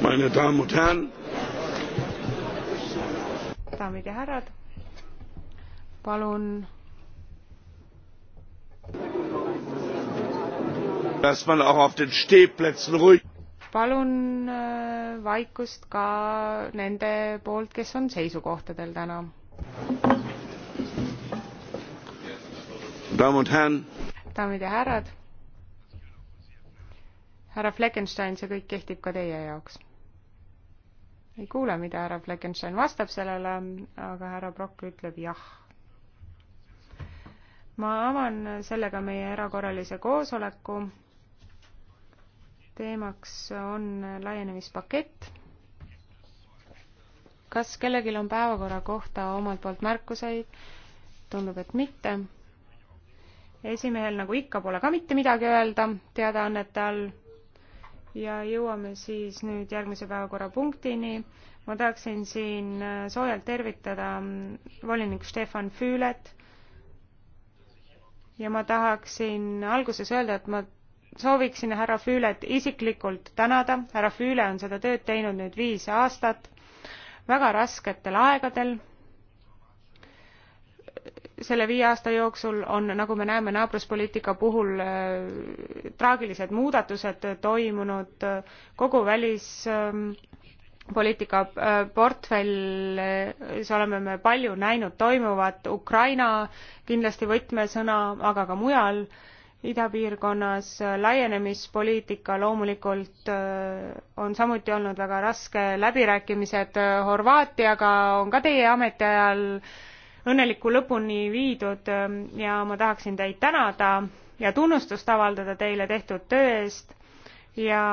Meine Damen und Herren, daamid ja härrad, palun. Dass man auch auf den Stehplätzen ruhig palun äh, vaikust ka nende poolt, kes on seisukohtadel täna daamid ja härrad, härra Fleckenstein, see kõik kehtib ka teie jaoks. ei kuule, mida härra Fleckenstein vastab sellele, aga härra Brock ütleb jah. ma avan sellega meie erakorralise koosoleku. teemaks on laienemispakett kas kellelgi on päevakorra kohta omalt poolt märkuseid? tundub, et mitte esimehel nagu ikka pole ka mitte midagi öelda teadaannete all. ja jõuame siis nüüd järgmise päevakorrapunktini. ma tahaksin siin äh, soojalt tervitada mm, volinik Stefan Füület. ja ma tahaksin alguses öelda, et ma sooviksin härra Füület isiklikult tänada. härra Füüle on seda tööd teinud nüüd viis aastat väga rasketel aegadel selle viie aasta jooksul on, nagu me näeme naabruspoliitika puhul äh,, traagilised muudatused toimunud äh, kogu välispoliitika äh, portfellis äh, oleme me palju näinud toimuvat, Ukraina kindlasti võtmesõna, aga ka mujal idapiirkonnas äh, laienemispoliitika loomulikult äh, on samuti olnud väga raske, läbirääkimised Horvaatiaga on ka teie ametiajal äh, õnneliku lõpuni viidud ähm, ja ma tahaksin teid tänada ja tunnustust avaldada teile tehtud töö eest ja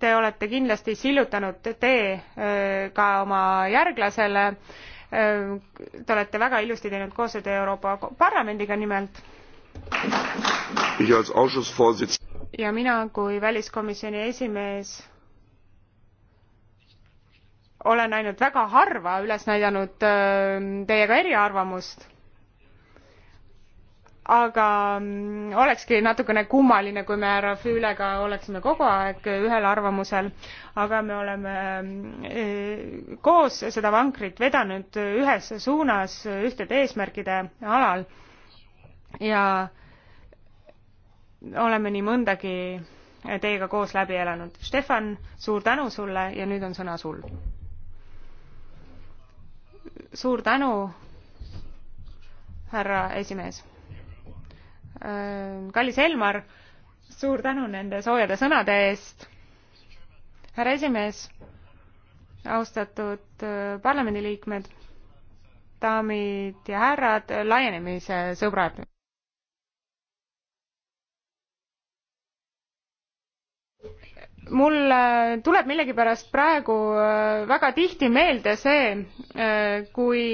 te olete kindlasti sillutanud tee äh, ka oma järglasele. Ähm, te olete väga ilusti teinud koostööd Euroopa Parlamendiga nimelt. ja mina kui väliskomisjoni esimees olen ainult väga harva üles näidanud ähm, teiega eriarvamust aga mm, olekski natukene kummaline, kui me härra Füülega oleksime kogu aeg ühel arvamusel, aga me oleme mm, äh, koos seda vankrit vedanud ühes suunas ühtede eesmärkide alal ja oleme nii mõndagi teiega koos läbi elanud. Stefan, suur tänu sulle ja nüüd on sõna sul suur tänu, härra esimees. Äh, kallis Elmar, suur tänu nende soojade sõnade eest. härra esimees, austatud äh, parlamendiliikmed, daamid ja härrad, laienemise sõbrad mul äh, tuleb millegipärast praegu äh, väga tihti meelde see, äh, kui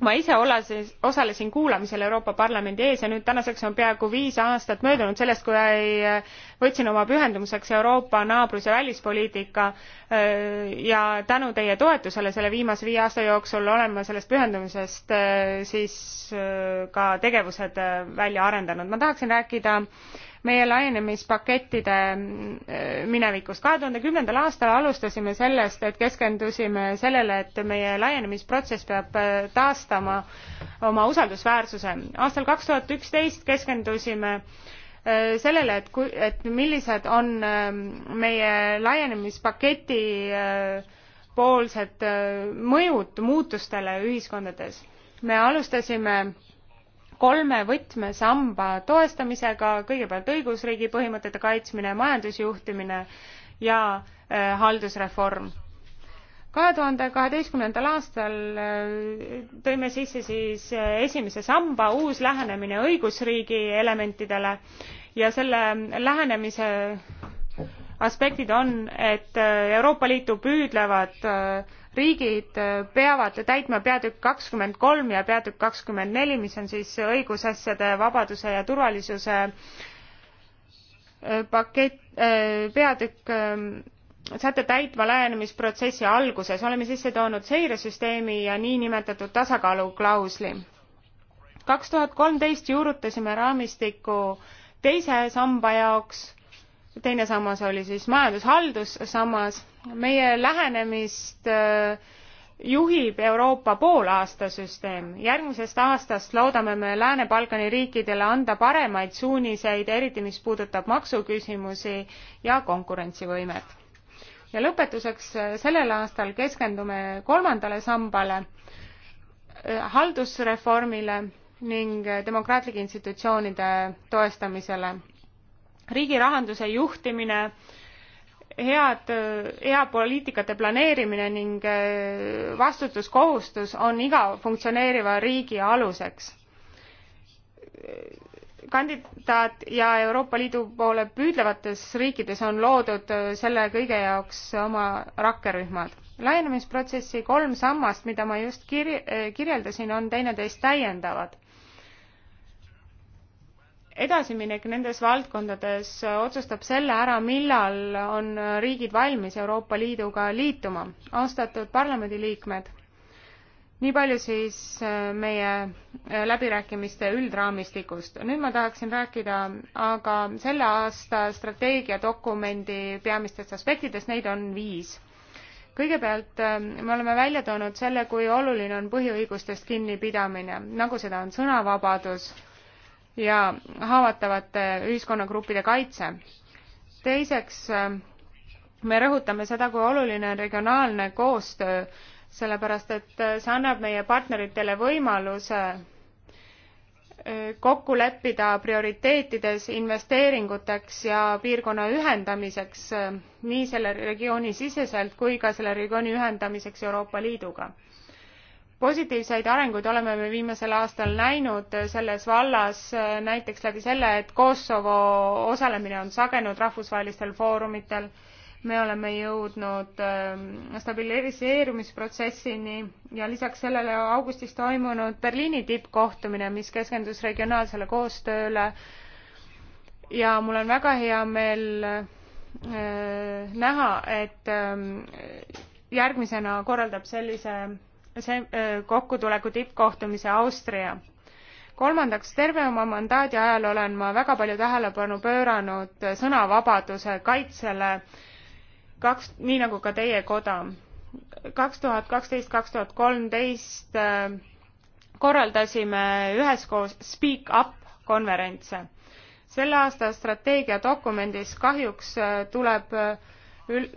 ma ise olasin, osalesin kuulamisel Euroopa Parlamendi ees ja nüüd tänaseks on peaaegu viis aastat möödunud sellest, kui võtsin oma pühendumuseks Euroopa naabrus- ja välispoliitika ja tänu teie toetusele selle viimase viie aasta jooksul olen ma sellest pühendumisest siis ka tegevused välja arendanud. ma tahaksin rääkida meie laienemispakettide äh, minevikust. kahe tuhande kümnendal aastal alustasime sellest, et keskendusime sellele, et meie laienemisprotsess peab äh, taastama oma usaldusväärsuse. aastal kaks tuhat üksteist keskendusime äh, sellele, et kui, et millised on meie laienemispaketi poolsed mõjud muutustele ühiskondades. me alustasime kolme võtmesamba toestamisega, kõigepealt õigusriigi põhimõtete kaitsmine, majandusjuhtimine ja äh, haldusreform kahe tuhande kaheteistkümnendal aastal äh, tõime sisse siis äh, esimese samba uus lähenemine õigusriigi elementidele ja selle lähenemise aspektid on et euroopa liitu püüdlevad riigid äh, peavad täitma peatükk kakskümmend kolm ja peatükk kakskümmend neli mis on siis õigusasjade vabaduse ja turvalisuse äh, pakett äh, peatükk ähm, säte täitma laienemisprotsessi alguses oleme sisse toonud seiresüsteemi ja niinimetatud tasakaaluklausli kaks tuhat kolmteist juurutasime raamistiku teise samba jaoks teine sammas oli siis majandushaldussammas. meie lähenemist äh, juhib Euroopa poolaastasüsteem. järgmisest aastast loodame me Lääne-Balkani riikidele anda paremaid suuniseid, eriti mis puudutab maksuküsimusi ja konkurentsivõimet. ja lõpetuseks, äh, sellel aastal keskendume kolmandale sambale, äh, haldusreformile ning demokraatlike institutsioonide toestamisele riigi rahanduse juhtimine, head, hea poliitikate planeerimine ning äh, vastutuskohustus on iga funktsioneeriva riigi aluseks. kandidaat ja Euroopa Liidu poole püüdlevates riikides on loodud äh, selle kõige jaoks oma rakkerühmad. laienemisprotsessi kolm sammast, mida ma just kir-, äh, kirjeldasin, on teineteist täiendavad edasiminek nendes valdkondades otsustab selle ära, millal on riigid valmis Euroopa Liiduga liituma. austatud parlamendiliikmed, nii palju siis äh, meie äh, läbirääkimiste üldraamistikust. nüüd ma tahaksin rääkida aga selle aasta strateegiadokumendi peamistest aspektidest, neid on viis kõigepealt äh, me oleme välja toonud selle, kui oluline on põhiõigustest kinnipidamine, nagu seda on sõnavabadus ja haavatavate ühiskonnagruppide kaitse. teiseks, ähm, me rõhutame seda, kui oluline on regionaalne koostöö, sellepärast et äh, see annab meie partneritele võimaluse äh, kokku leppida prioriteetides investeeringuteks ja piirkonna ühendamiseks äh, nii selle regiooni siseselt kui ka selle regiooni ühendamiseks Euroopa Liiduga positiivseid arenguid oleme me viimasel aastal näinud selles vallas näiteks läbi selle, et Kosovo osalemine on sagenud rahvusvahelistel foorumitel. me oleme jõudnud ähm, stabiliseerumisprotsessini ja lisaks sellele augustis toimunud Berliini tippkohtumine, mis keskendus regionaalsele koostööle. ja mul on väga hea meel äh, näha, et ähm, järgmisena korraldab sellise see äh, kokkutuleku tippkohtumise Austria. kolmandaks, terve oma mandaadi ajal olen ma väga palju tähelepanu pööranud sõnavabaduse kaitsele, kaks, nii nagu ka teie koda. kaks tuhat kaksteist, kaks tuhat kolmteist äh, korraldasime üheskoos Speak Up konverentse. selle aasta strateegiadokumendis kahjuks äh, tuleb ül-,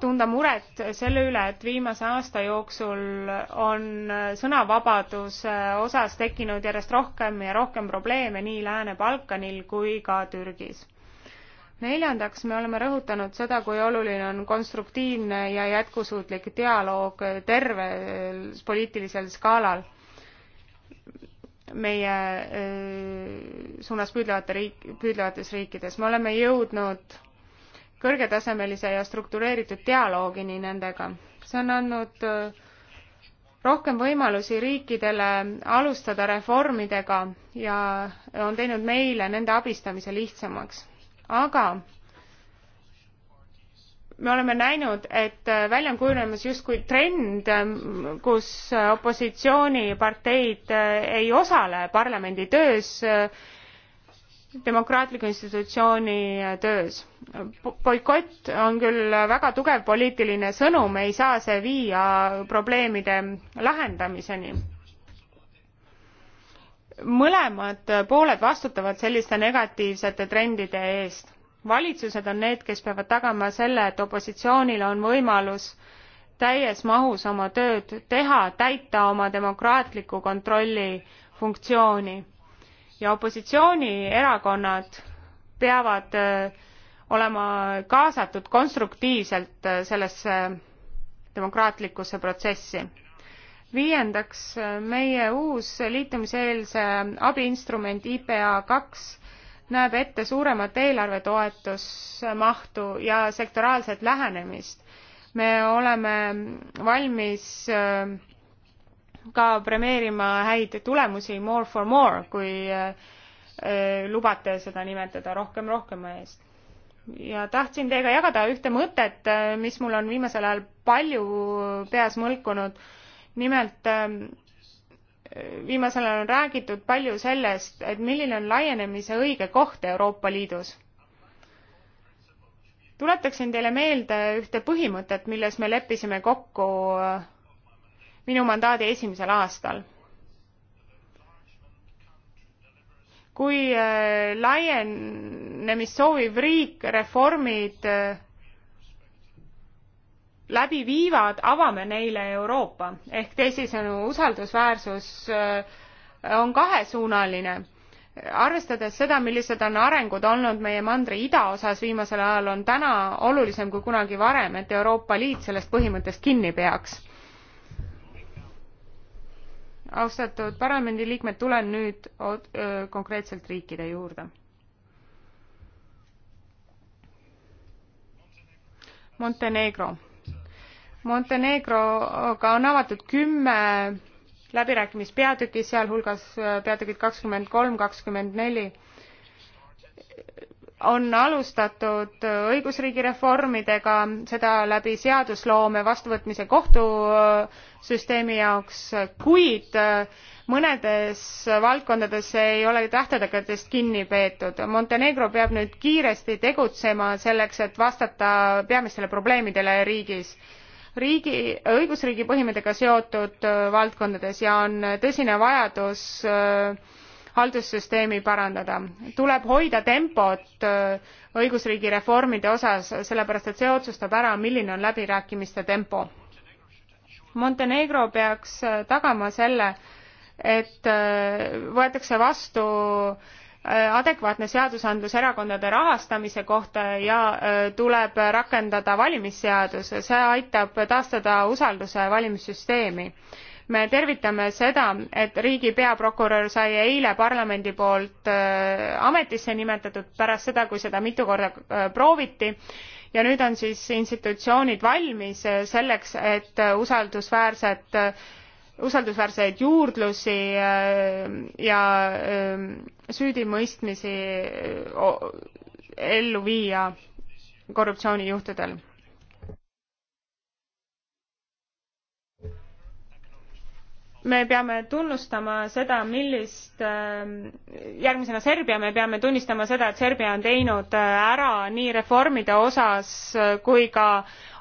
tunda muret selle üle, et viimase aasta jooksul on sõnavabaduse osas tekkinud järjest rohkem ja rohkem probleeme nii Lääne-Balkanil kui ka Türgis. neljandaks, me oleme rõhutanud seda, kui oluline on konstruktiivne ja jätkusuutlik dialoog tervel poliitilisel skaalal meie öö, äh, suunas püüdlevate riik, püüdlevates riikides. me oleme jõudnud kõrgetasemelise ja struktureeritud dialoogini nendega. see on andnud äh, rohkem võimalusi riikidele alustada reformidega ja on teinud meile nende abistamise lihtsamaks. aga me oleme näinud, et äh, välja on kujunemas justkui trend, ähm, kus äh, opositsiooniparteid ei osale parlamendi töös demokraatliku institutsiooni töös. boikott on küll väga tugev poliitiline sõnum, ei saa see viia probleemide lahendamiseni. mõlemad pooled vastutavad selliste negatiivsete trendide eest. valitsused on need, kes peavad tagama selle, et opositsioonil on võimalus täies mahus oma tööd teha, täita oma demokraatliku kontrolli funktsiooni ja opositsioonierakonnad peavad äh, olema kaasatud konstruktiivselt äh, sellesse demokraatlikusse protsessi. viiendaks, äh, meie uus liitumiseelse abiinstrument IPA kaks näeb ette suuremat eelarvetoetusmahtu ja sektoraalset lähenemist. me oleme valmis äh, ka premeerima häid tulemusi more for more, kui äh, äh, lubate seda nimetada rohkem rohkema eest. ja tahtsin teiega jagada ühte mõtet, äh, mis mul on viimasel ajal palju peas mõlkunud. nimelt ähm, viimasel ajal on räägitud palju sellest, et milline on laienemise õige koht Euroopa Liidus. tuletaksin teile meelde ühte põhimõtet, milles me leppisime kokku minu mandaadi esimesel aastal. kui äh, laienemist sooviv riik reformid äh, läbi viivad, avame neile Euroopa ehk teisisõnu usaldusväärsus äh, on kahesuunaline arvestades seda millised on arengud olnud meie mandri idaosas viimasel ajal on täna olulisem kui kunagi varem et euroopa liit sellest põhimõttest kinni peaks austatud parlamendiliikmed, tulen nüüd konkreetselt riikide juurde. Montenegro. Montenegroga on avatud kümme läbirääkimispeatüki, sealhulgas peatükid kakskümmend kolm, kakskümmend neli. on alustatud õigusriigi reformidega, seda läbi seadusloome vastuvõtmise kohtu äh, süsteemi jaoks, kuid äh, mõnedes valdkondades ei ole tähtedest kinni peetud. Montenegro peab nüüd kiiresti tegutsema selleks, et vastata peamistele probleemidele riigis riigi, õigusriigi põhimõttega seotud äh, valdkondades ja on tõsine vajadus äh, haldussüsteemi parandada. tuleb hoida tempot õigusriigi reformide osas, sellepärast et see otsustab ära, milline on läbirääkimiste tempo Montenegro peaks äh, tagama selle, et äh, võetakse vastu äh, adekvaatne seadusandlus erakondade rahastamise kohta ja tuleb rakendada valimisseadus, see aitab taastada usalduse valimissüsteemi. me tervitame seda, et riigi peaprokurör sai eile parlamendi poolt ametisse nimetatud pärast seda, kui seda mitu korda prooviti ja nüüd on siis institutsioonid valmis äh, selleks, et äh, usaldusväärset äh, usaldusväärseid juurdlusi ja süüdimõistmisi ellu viia korruptsioonijuhtudel me peame tunnustama seda, millist, ähm, järgmisena Serbia, me peame tunnistama seda, et Serbia on teinud äh, ära nii reformide osas äh, kui ka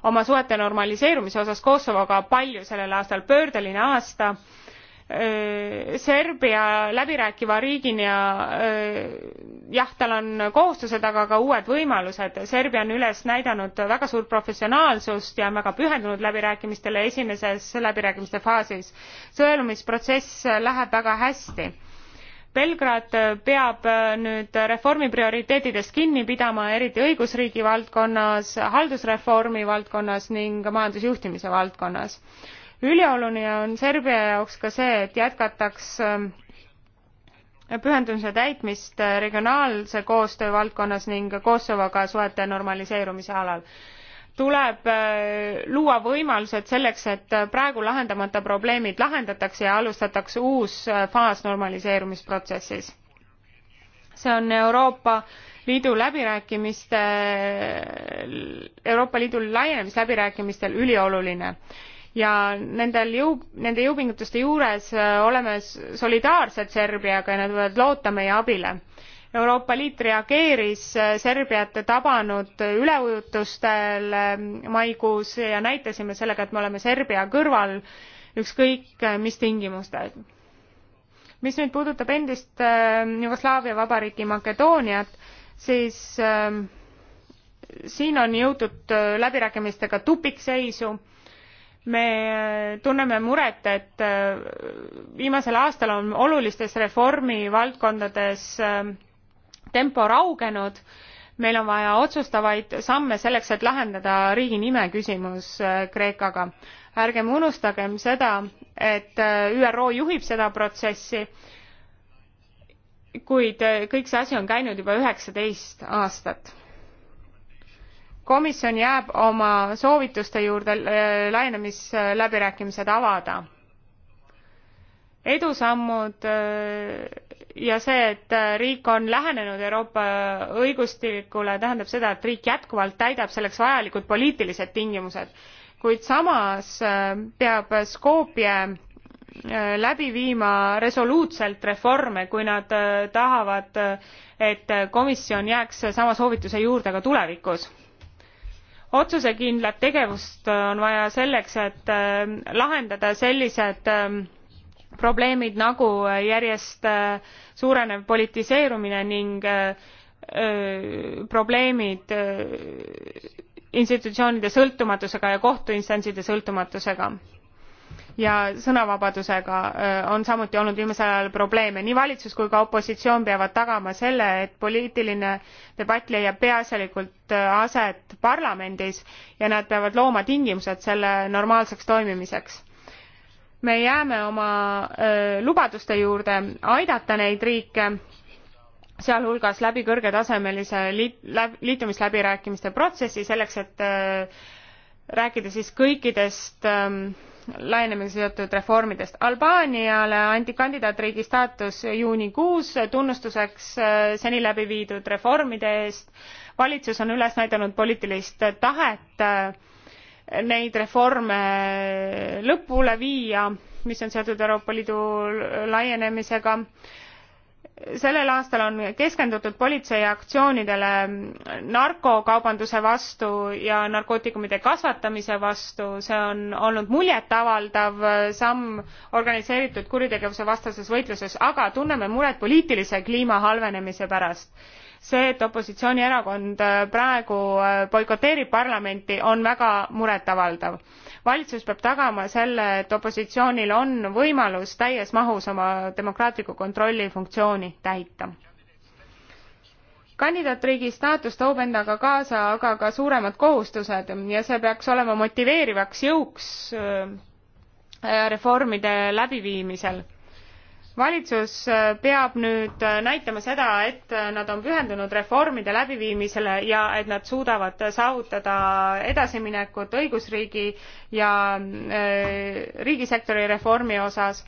oma suhete normaliseerumise osas Kosovoga palju sellel aastal, pöördeline aasta Serbia läbirääkiva riigina ja, jah, tal on kohustused, aga ka uued võimalused. Serbia on üles näidanud väga suurt professionaalsust ja on väga pühendunud läbirääkimistele esimeses läbirääkimiste faasis. sõelumisprotsess läheb väga hästi. Belgrad peab nüüd reformi prioriteetidest kinni pidama, eriti õigusriigi valdkonnas, haldusreformi valdkonnas ning majandusjuhtimise valdkonnas ülioluline on Serbia jaoks ka see, et jätkataks ähm, pühendumise täitmist äh, regionaalse koostöö valdkonnas ning Kosovoga suhete normaliseerumise alal tuleb äh, luua võimalused selleks et äh, praegu lahendamata probleemid lahendatakse ja alustatakse uus faas normaliseerumisprotsessis see on euroopa liidu läbirääkimiste euroopa liidu laienemisläbirääkimistel ülioluline ja nendel jõu, nende jõupingutuste juures äh, oleme solidaarsed Serbiaga ja nad võivad loota meie abile. Euroopa Liit reageeris äh, Serbiat tabanud üleujutustel maikuus ja näitasime sellega, et me oleme Serbia kõrval ükskõik äh, mis tingimustel. mis nüüd puudutab endist Jugoslaavia vabariiki Makedooniat, siis äh, siin on jõutud läbirääkimistega tupikseisu me tunneme muret, et äh, viimasel aastal on olulistes reformivaldkondades äh, tempo raugenud. meil on vaja otsustavaid samme selleks, et lahendada riigi nime küsimus äh, Kreekaga. ärgem unustagem seda, et ÜRO juhib seda protsessi, kuid kõik see asi on käinud juba üheksateist aastat komisjon jääb oma soovituste juurde äh, laienemisläbirääkimised avada. edusammud äh, ja see, et äh, riik on lähenenud Euroopa õigustikule, tähendab seda, et riik jätkuvalt täidab selleks vajalikud poliitilised tingimused, kuid samas peab Skopje läbi viima resoluutselt reforme, kui nad tahavad, et komisjon jääks sama soovituse juurde ka tulevikus otsusekindlat tegevust äh, on vaja selleks et äh, lahendada sellised ähm, probleemid nagu äh, järjest suurenev politiseerumine ning probleemid institutsioonide sõltumatusega ja kohtuinstantside sõltumatusega ja sõnavabadusega äh, on samuti olnud viimasel ajal probleeme. nii valitsus kui ka opositsioon peavad tagama selle, et poliitiline debatt leiab peaasjalikult äh, aset parlamendis ja nad peavad looma tingimused selle normaalseks toimimiseks me jääme oma öö, äh, lubaduste juurde aidata neid riike sealhulgas läbi kõrgetasemelise liit, liitumisläbirääkimiste protsessi selleks et öö, rääkida siis kõikidest öö, ähm, laienemisega seotud reformidest. Albaaniale anti kandidaatriigi staatus juunikuus tunnustuseks äh, seni läbi viidud reformide eest. valitsus on üles näidanud poliitilist tahet äh, neid reforme lõpule viia, mis on seotud Euroopa Liidu laienemisega sellel aastal on keskendutud politsei aktsioonidele narkokaubanduse vastu ja narkootikumide kasvatamise vastu see on olnud muljetavaldav samm organiseeritud kuritegevuse vastases võitluses aga tunneme muret poliitilise kliima halvenemise pärast see et opositsioonierakond praegu boikoteerib parlamenti on väga muret avaldav valitsus peab tagama selle, et opositsioonil on võimalus täies mahus oma demokraatliku kontrolli funktsiooni täita kandidaatriigi staatus toob endaga kaasa aga ka suuremad kohustused ja see peaks olema motiveerivaks jõuks äh, reformide läbiviimisel valitsus äh, peab nüüd äh, näitama seda, et äh, nad on pühendunud reformide läbiviimisele ja et nad suudavad saavutada edasiminekut õigusriigi ja riigisektori reformi osas.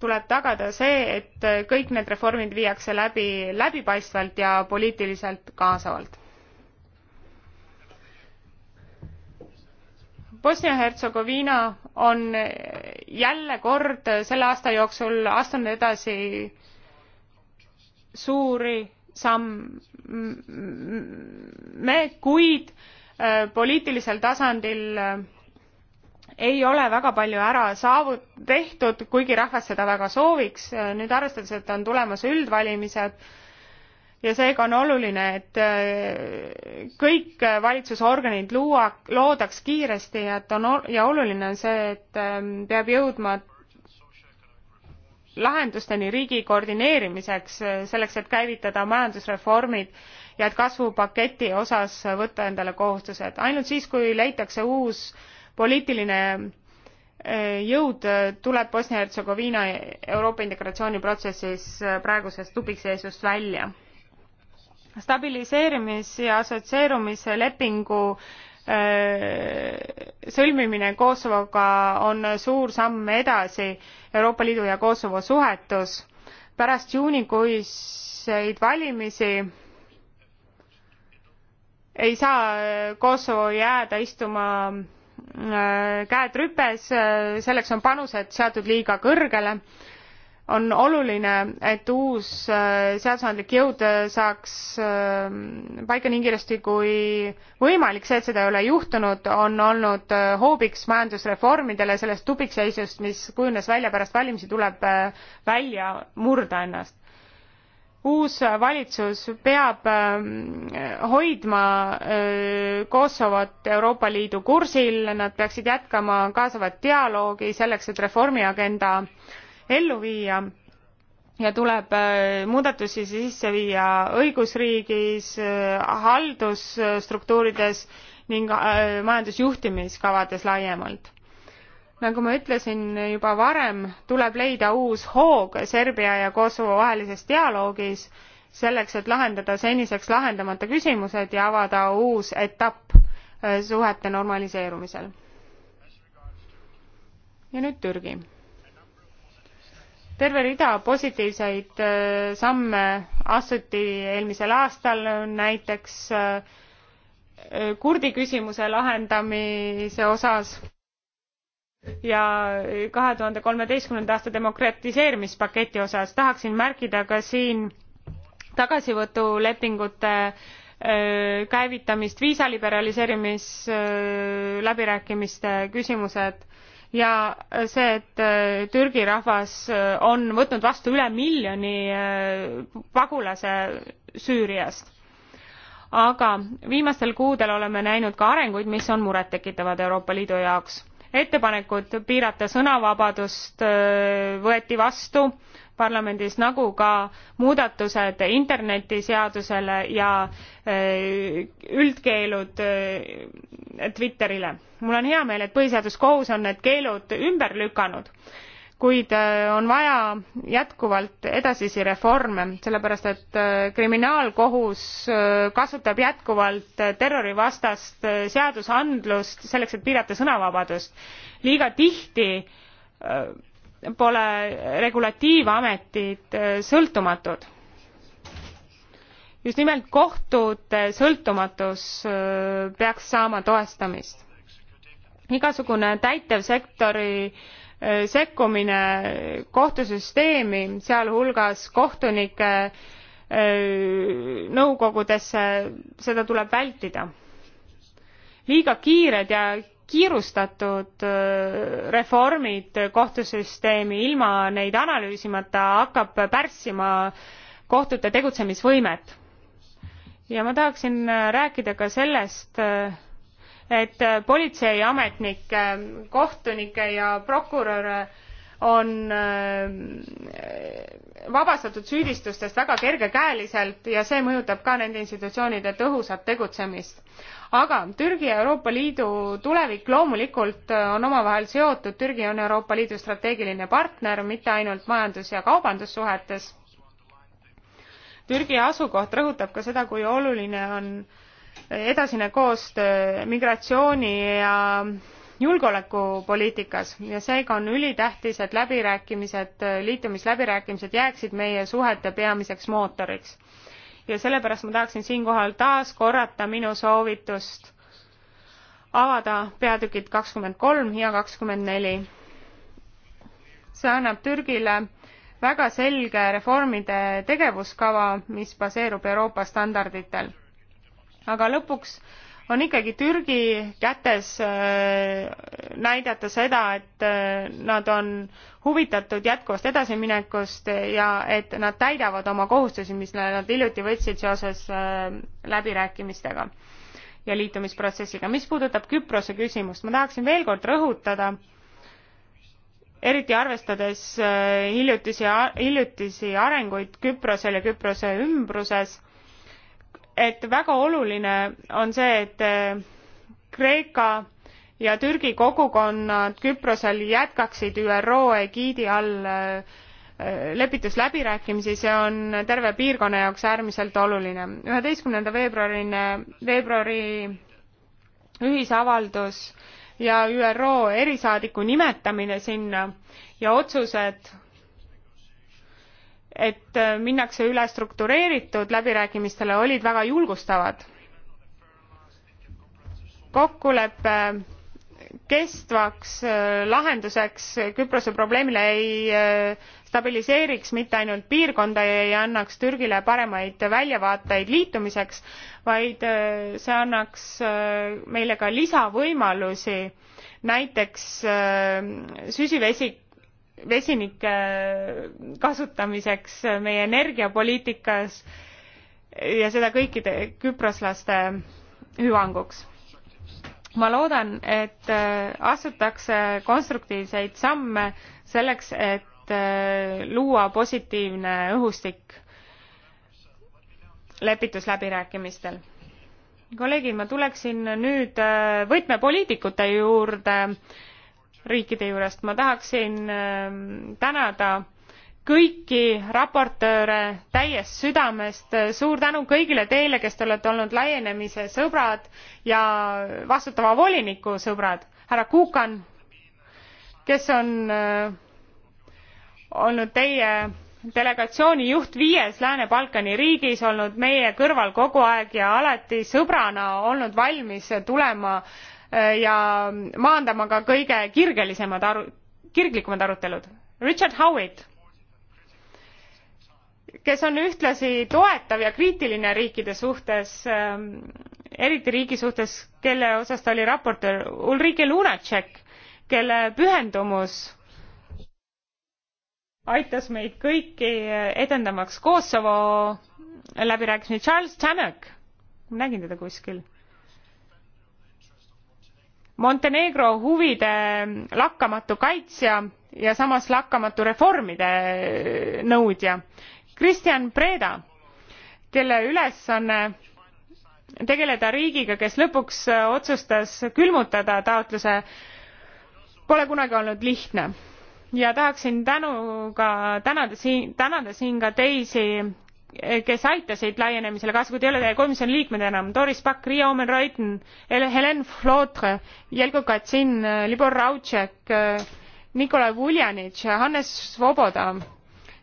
tuleb tagada see, et kõik need reformid viiakse läbi läbipaistvalt ja poliitiliselt kaasavalt. Bosnia-Hertsegoviina on jälle kord selle aasta jooksul astunud edasi suuri samme, kuid äh, poliitilisel tasandil äh, ei ole väga palju ära saavut-, tehtud, kuigi rahvas seda väga sooviks. Äh, nüüd arvestades, et on tulemas üldvalimised, ja seega on oluline, et äh, kõik valitsusorganid luua, loodaks kiiresti ja et on ja oluline on see, et ähm, peab jõudma lahendusteni riigi koordineerimiseks, äh, selleks et käivitada majandusreformid ja et kasvupaketi osas võtta endale kohustused. ainult siis, kui leitakse uus poliitiline äh, jõud, tuleb Bosnia-Hertsegoviina Euroopa integratsiooniprotsessis praegusest tupikseisust välja stabiliseerimis ja assotsieerumise lepingu äh, sõlmimine Kosovoga on suur samm edasi Euroopa Liidu ja Kosovo suhetus. pärast juunikuiseid valimisi ei saa Kosovo jääda istuma äh, käed rüpes, äh, selleks on panused seatud liiga kõrgele on oluline, et uus äh, seadusandlik jõud äh, saaks äh, paika nii kiiresti kui võimalik, see, et seda ei ole juhtunud, on olnud hoobiks majandusreformidele, sellest tupikseisust, mis kujunes välja pärast valimisi, tuleb välja murda ennast. uus valitsus peab hoidma Kosovot Euroopa Liidu kursil, nad peaksid jätkama kaasavat dialoogi selleks, et reformiagenda ellu viia ja tuleb äh, muudatusi sisse viia õigusriigis, äh, haldusstruktuurides ning äh, majandusjuhtimiskavades laiemalt nagu ma ütlesin juba varem, tuleb leida uus hoog Serbia ja Kosovo vahelises dialoogis selleks, et lahendada seniseks lahendamata küsimused ja avada uus etapp suhete normaliseerumisel. ja nüüd Türgi terve rida positiivseid äh, samme astuti eelmisel aastal, näiteks äh, kurdi küsimuse lahendamise osas ja kahe tuhande kolmeteistkümnenda aasta demokratiseerimispaketi osas tahaksin märkida ka siin tagasivõtulepingute äh, käivitamist viisa liberaliseerimisläbirääkimiste küsimused ja see, et äh, Türgi rahvas äh, on võtnud vastu üle miljoni äh, pagulase Süüriast. aga viimastel kuudel oleme näinud ka arenguid, mis on murettekitavad Euroopa Liidu jaoks ettepanekud piirata sõnavabadust võeti vastu parlamendis nagu ka muudatused internetiseadusele ja äh, üldkeelud äh, twitterile. mul on hea meel et põhiseaduskohus on need keelud ümber lükanud kuid äh, on vaja jätkuvalt edasisi reforme sellepärast et kriminaalkohus kasutab jätkuvalt terrorivastast seadusandlust selleks et piirata sõnavabadust liiga tihti pole regulatiivametid eh, sõltumatud just nimelt kohtute sõltumatus eh, peaks saama toestamist igasugune täitevsektori eh, sekkumine kohtusüsteemi sealhulgas kohtunike nõukogudesse seda tuleb vältida liiga kiired ja kiirustatud äh, reformid kohtusüsteemi ilma neid analüüsimata hakkab pärssima kohtute tegutsemisvõimet ja ma tahaksin äh, rääkida ka sellest äh, et politseiametnikke kohtunikke ja prokuröre on äh, vabastatud süüdistustest väga kergekäeliselt ja see mõjutab ka nende institutsioonide tõhusat tegutsemist. aga Türgi ja Euroopa Liidu tulevik loomulikult äh, on omavahel seotud, Türgi on Euroopa Liidu strateegiline partner mitte ainult majandus- ja kaubandussuhetes. Türgi asukoht rõhutab ka seda, kui oluline on edasine koostöö migratsiooni ja julgeolekupoliitikas ja seega on ülitähtis, et läbirääkimised, liitumisläbirääkimised jääksid meie suhete peamiseks mootoriks. ja sellepärast ma tahaksin siinkohal taas korrata minu soovitust avada peatükid kakskümmend kolm ja kakskümmend neli. see annab Türgile väga selge reformide tegevuskava, mis baseerub Euroopa standarditel. aga lõpuks on ikkagi Türgi kätes äh, näidata seda, et äh, nad on huvitatud jätkuvast edasiminekust ja et nad täidavad oma kohustusi, mis nad hiljuti võtsid seoses äh, läbirääkimistega ja liitumisprotsessiga. mis puudutab Küprose küsimust, ma tahaksin veel kord rõhutada, eriti arvestades hiljutisi, hiljutisi arenguid Küprosel ja Küprose ümbruses et väga oluline on see, et eh, Kreeka ja Türgi kogukonnad Küprosel jätkaksid ÜRO egiidi all eh, eh, lepitusläbirääkimisi, see on terve piirkonna jaoks äärmiselt oluline. üheteistkümnenda veebruarine, veebruari ühisavaldus ja ÜRO erisaadiku nimetamine sinna ja otsused et äh, minnakse üle struktureeritud läbirääkimistele olid väga julgustavad kokkulepe äh, kestvaks äh, lahenduseks küprose probleemile ei stabiliseeriks mitte ainult piirkonda ja ei annaks türgile paremaid väljavaateid liitumiseks vaid see annaks meile ka lisavõimalusi näiteks süsivesik vesinike kasutamiseks meie energiapoliitikas ja seda kõikide küproslaste hüvanguks. ma loodan, et äh, astutakse konstruktiivseid samme selleks, et äh, luua positiivne õhustik lepitusläbirääkimistel. kolleegid, ma tuleksin nüüd äh, võtmepoliitikute juurde riikide juurest. ma tahaksin ähm, tänada kõiki raportööre täiest südamest, suur tänu kõigile teile, kes te olete olnud laienemise sõbrad ja vastutava voliniku sõbrad, härra Kukan, kes on äh, olnud teie delegatsiooni juht viies lääne balkani riigis olnud meie kõrval kogu aeg ja alati sõbrana olnud valmis tulema Eh, ja maandama ka kõige kirgelisemad aru-, kirglikumad arutelud. Richard Howitt, kes on ühtlasi toetav ja kriitiline riikide suhtes, ehm, eriti riigi suhtes, kelle osas ta oli raportöör, Ulrike Lunacek, kelle pühendumus aitas meid kõiki edendamaks Kosovo läbirääkimisi, Charles Tannock, ma nägin teda kuskil montenegro huvide lakkamatu kaitsja ja samas lakkamatu reformide nõudja christian preda kelle ülesanne tegeleda riigiga kes lõpuks otsustas külmutada taotluse pole kunagi olnud lihtne ja tahaksin tänuga tänada siin tänada siin ka teisi kes aitasid laienemisele kaasa kuid ei ole teie komisjoni liikmed enam doris pack riia oomen ruijten helen flotre jelko kacin libor raudšek nikolai vuljanic hannes svoboda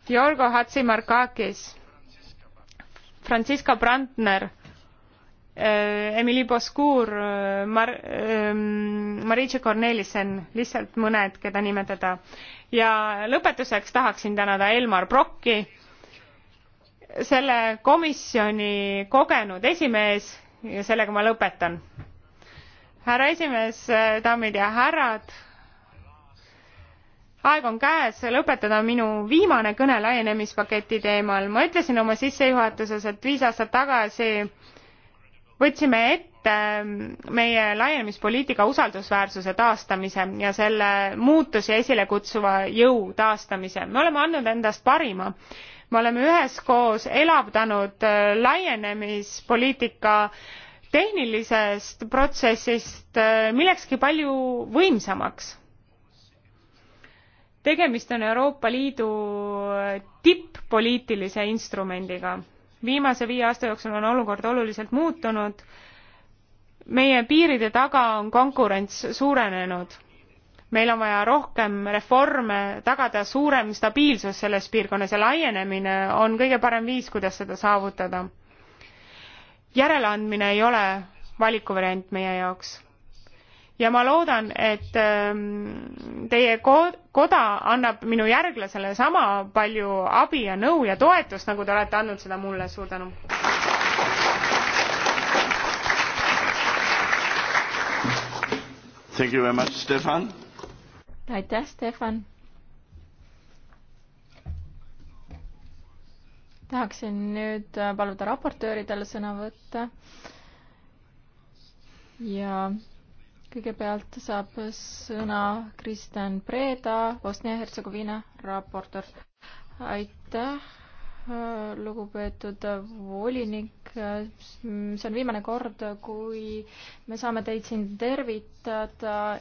georgo hatzimarkakis franziska brandner Emily Boscour, Mar-, ähm, Marice Cornelissen, lihtsalt mõned, keda nimetada. ja lõpetuseks tahaksin tänada Elmar Brocki, selle komisjoni kogenud esimees ja sellega ma lõpetan. härra esimees, daamid ja härrad, aeg on käes lõpetada minu viimane kõne laienemispaketi teemal. ma ütlesin oma sissejuhatuses, et viis aastat tagasi võtsime ette meie laienemispoliitika usaldusväärsuse taastamise ja selle muutusi esile kutsuva jõu taastamise. me oleme andnud endast parima me oleme üheskoos elavdanud äh, laienemispoliitika tehnilisest protsessist äh, millekski palju võimsamaks tegemist on euroopa liidu äh, tipp-poliitilise instrumendiga viimase viie aasta jooksul on olukord oluliselt muutunud meie piiride taga on konkurents suurenenud meil on vaja rohkem reforme tagada suurem stabiilsus selles piirkonnas ja laienemine on kõige parem viis kuidas seda saavutada järeleandmine ei ole valikuvariant meie jaoks ja ma loodan et ähm, teie koda annab minu järglasele sama palju abi ja nõu ja toetust nagu te olete andnud seda mulle suur tänu Thank you very much, Stefan aitäh, Stefan. tahaksin nüüd äh, paluda raportööridel sõna võtta. ja kõigepealt saab sõna Kristjan Preda, Bosnia-Hertsegoviina raportöör. aitäh äh, lugupeetud volinik, see on viimane kord, kui me saame teid siin tervitada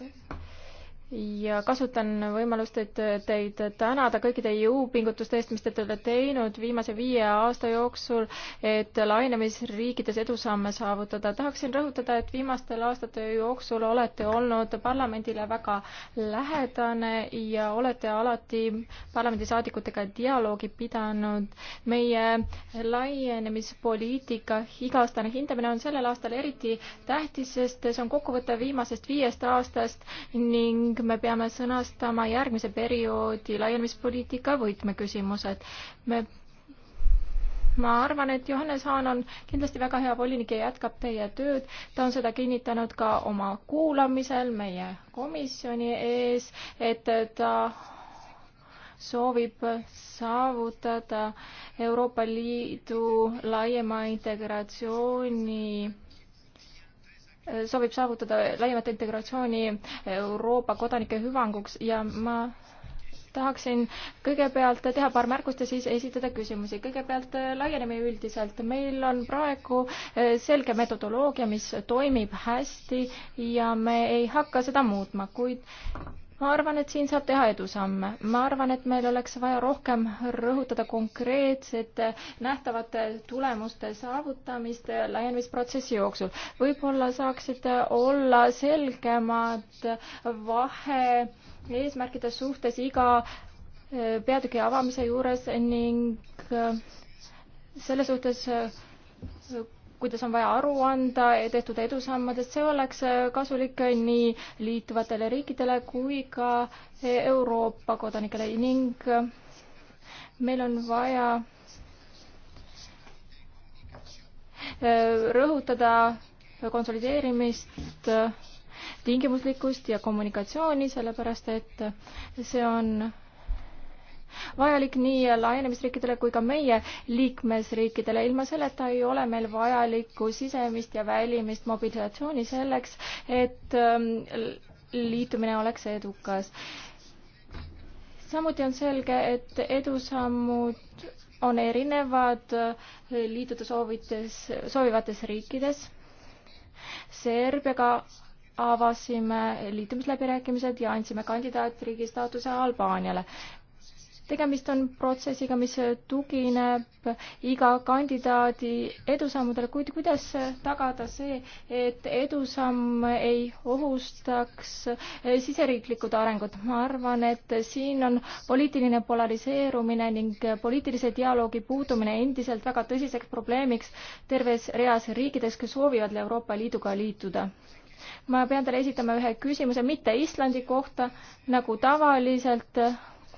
ja kasutan võimalust, et teid tänada kõigi teie jõupingutuste eest, mis te olete teinud viimase viie aasta jooksul, et lainemisriikides edusamme saavutada. tahaksin rõhutada, et viimastel aastate jooksul olete olnud parlamendile väga lähedane ja olete alati parlamendisaadikutega dialoogi pidanud. meie laienemispoliitika iga-aastane hindamine on sellel aastal eriti tähtis, sest see on kokkuvõte viimasest viiest aastast ning ning me peame sõnastama järgmise perioodi laienemispoliitika võtmeküsimused. me ma arvan, et Johannes Haan on kindlasti väga hea volinik ja jätkab teie tööd. ta on seda kinnitanud ka oma kuulamisel meie komisjoni ees, et ta soovib saavutada Euroopa Liidu laiema integratsiooni soovib saavutada laiemat integratsiooni Euroopa kodanike hüvanguks ja ma tahaksin kõigepealt teha paar märkust ja siis esitada küsimusi. kõigepealt äh, laienemine üldiselt. meil on praegu äh, selge metodoloogia, mis toimib hästi ja me ei hakka seda muutma, kuid ma arvan, et siin saab teha edusamme. ma arvan, et meil oleks vaja rohkem rõhutada konkreetsete nähtavate tulemuste saavutamist laienemisprotsessi jooksul. võib-olla saaksite olla selgemad vahe eesmärkide suhtes iga eh, peatüki avamise juures ning eh, selle suhtes, eh, kuidas on vaja aru anda tehtud edusammadest, see oleks kasulik nii liituvatele riikidele kui ka Euroopa kodanikele ning meil on vaja äh, rõhutada konsolideerimist, äh, tingimuslikkust ja kommunikatsiooni, sellepärast et see on vajalik nii laienemisriikidele kui ka meie liikmesriikidele. ilma selleta ei ole meil vajalikku sisemist ja välimist mobilisatsiooni selleks, et ähm, liitumine oleks edukas. samuti on selge, et edusammud on erinevad äh, liituda soovites, soovivates riikides. Serbiaga avasime liitumisläbirääkimised ja andsime kandidaatriigi staatuse Albaaniale tegemist on protsessiga, mis tugineb iga kandidaadi edusammudele, kuid kuidas tagada see, et edusamm ei ohustaks siseriiklikud arengud? ma arvan, et siin on poliitiline polariseerumine ning poliitilise dialoogi puudumine endiselt väga tõsiseks probleemiks terves reas riikides, kes soovivad Euroopa Liiduga liituda ma pean teile esitama ühe küsimuse, mitte Islandi kohta nagu tavaliselt,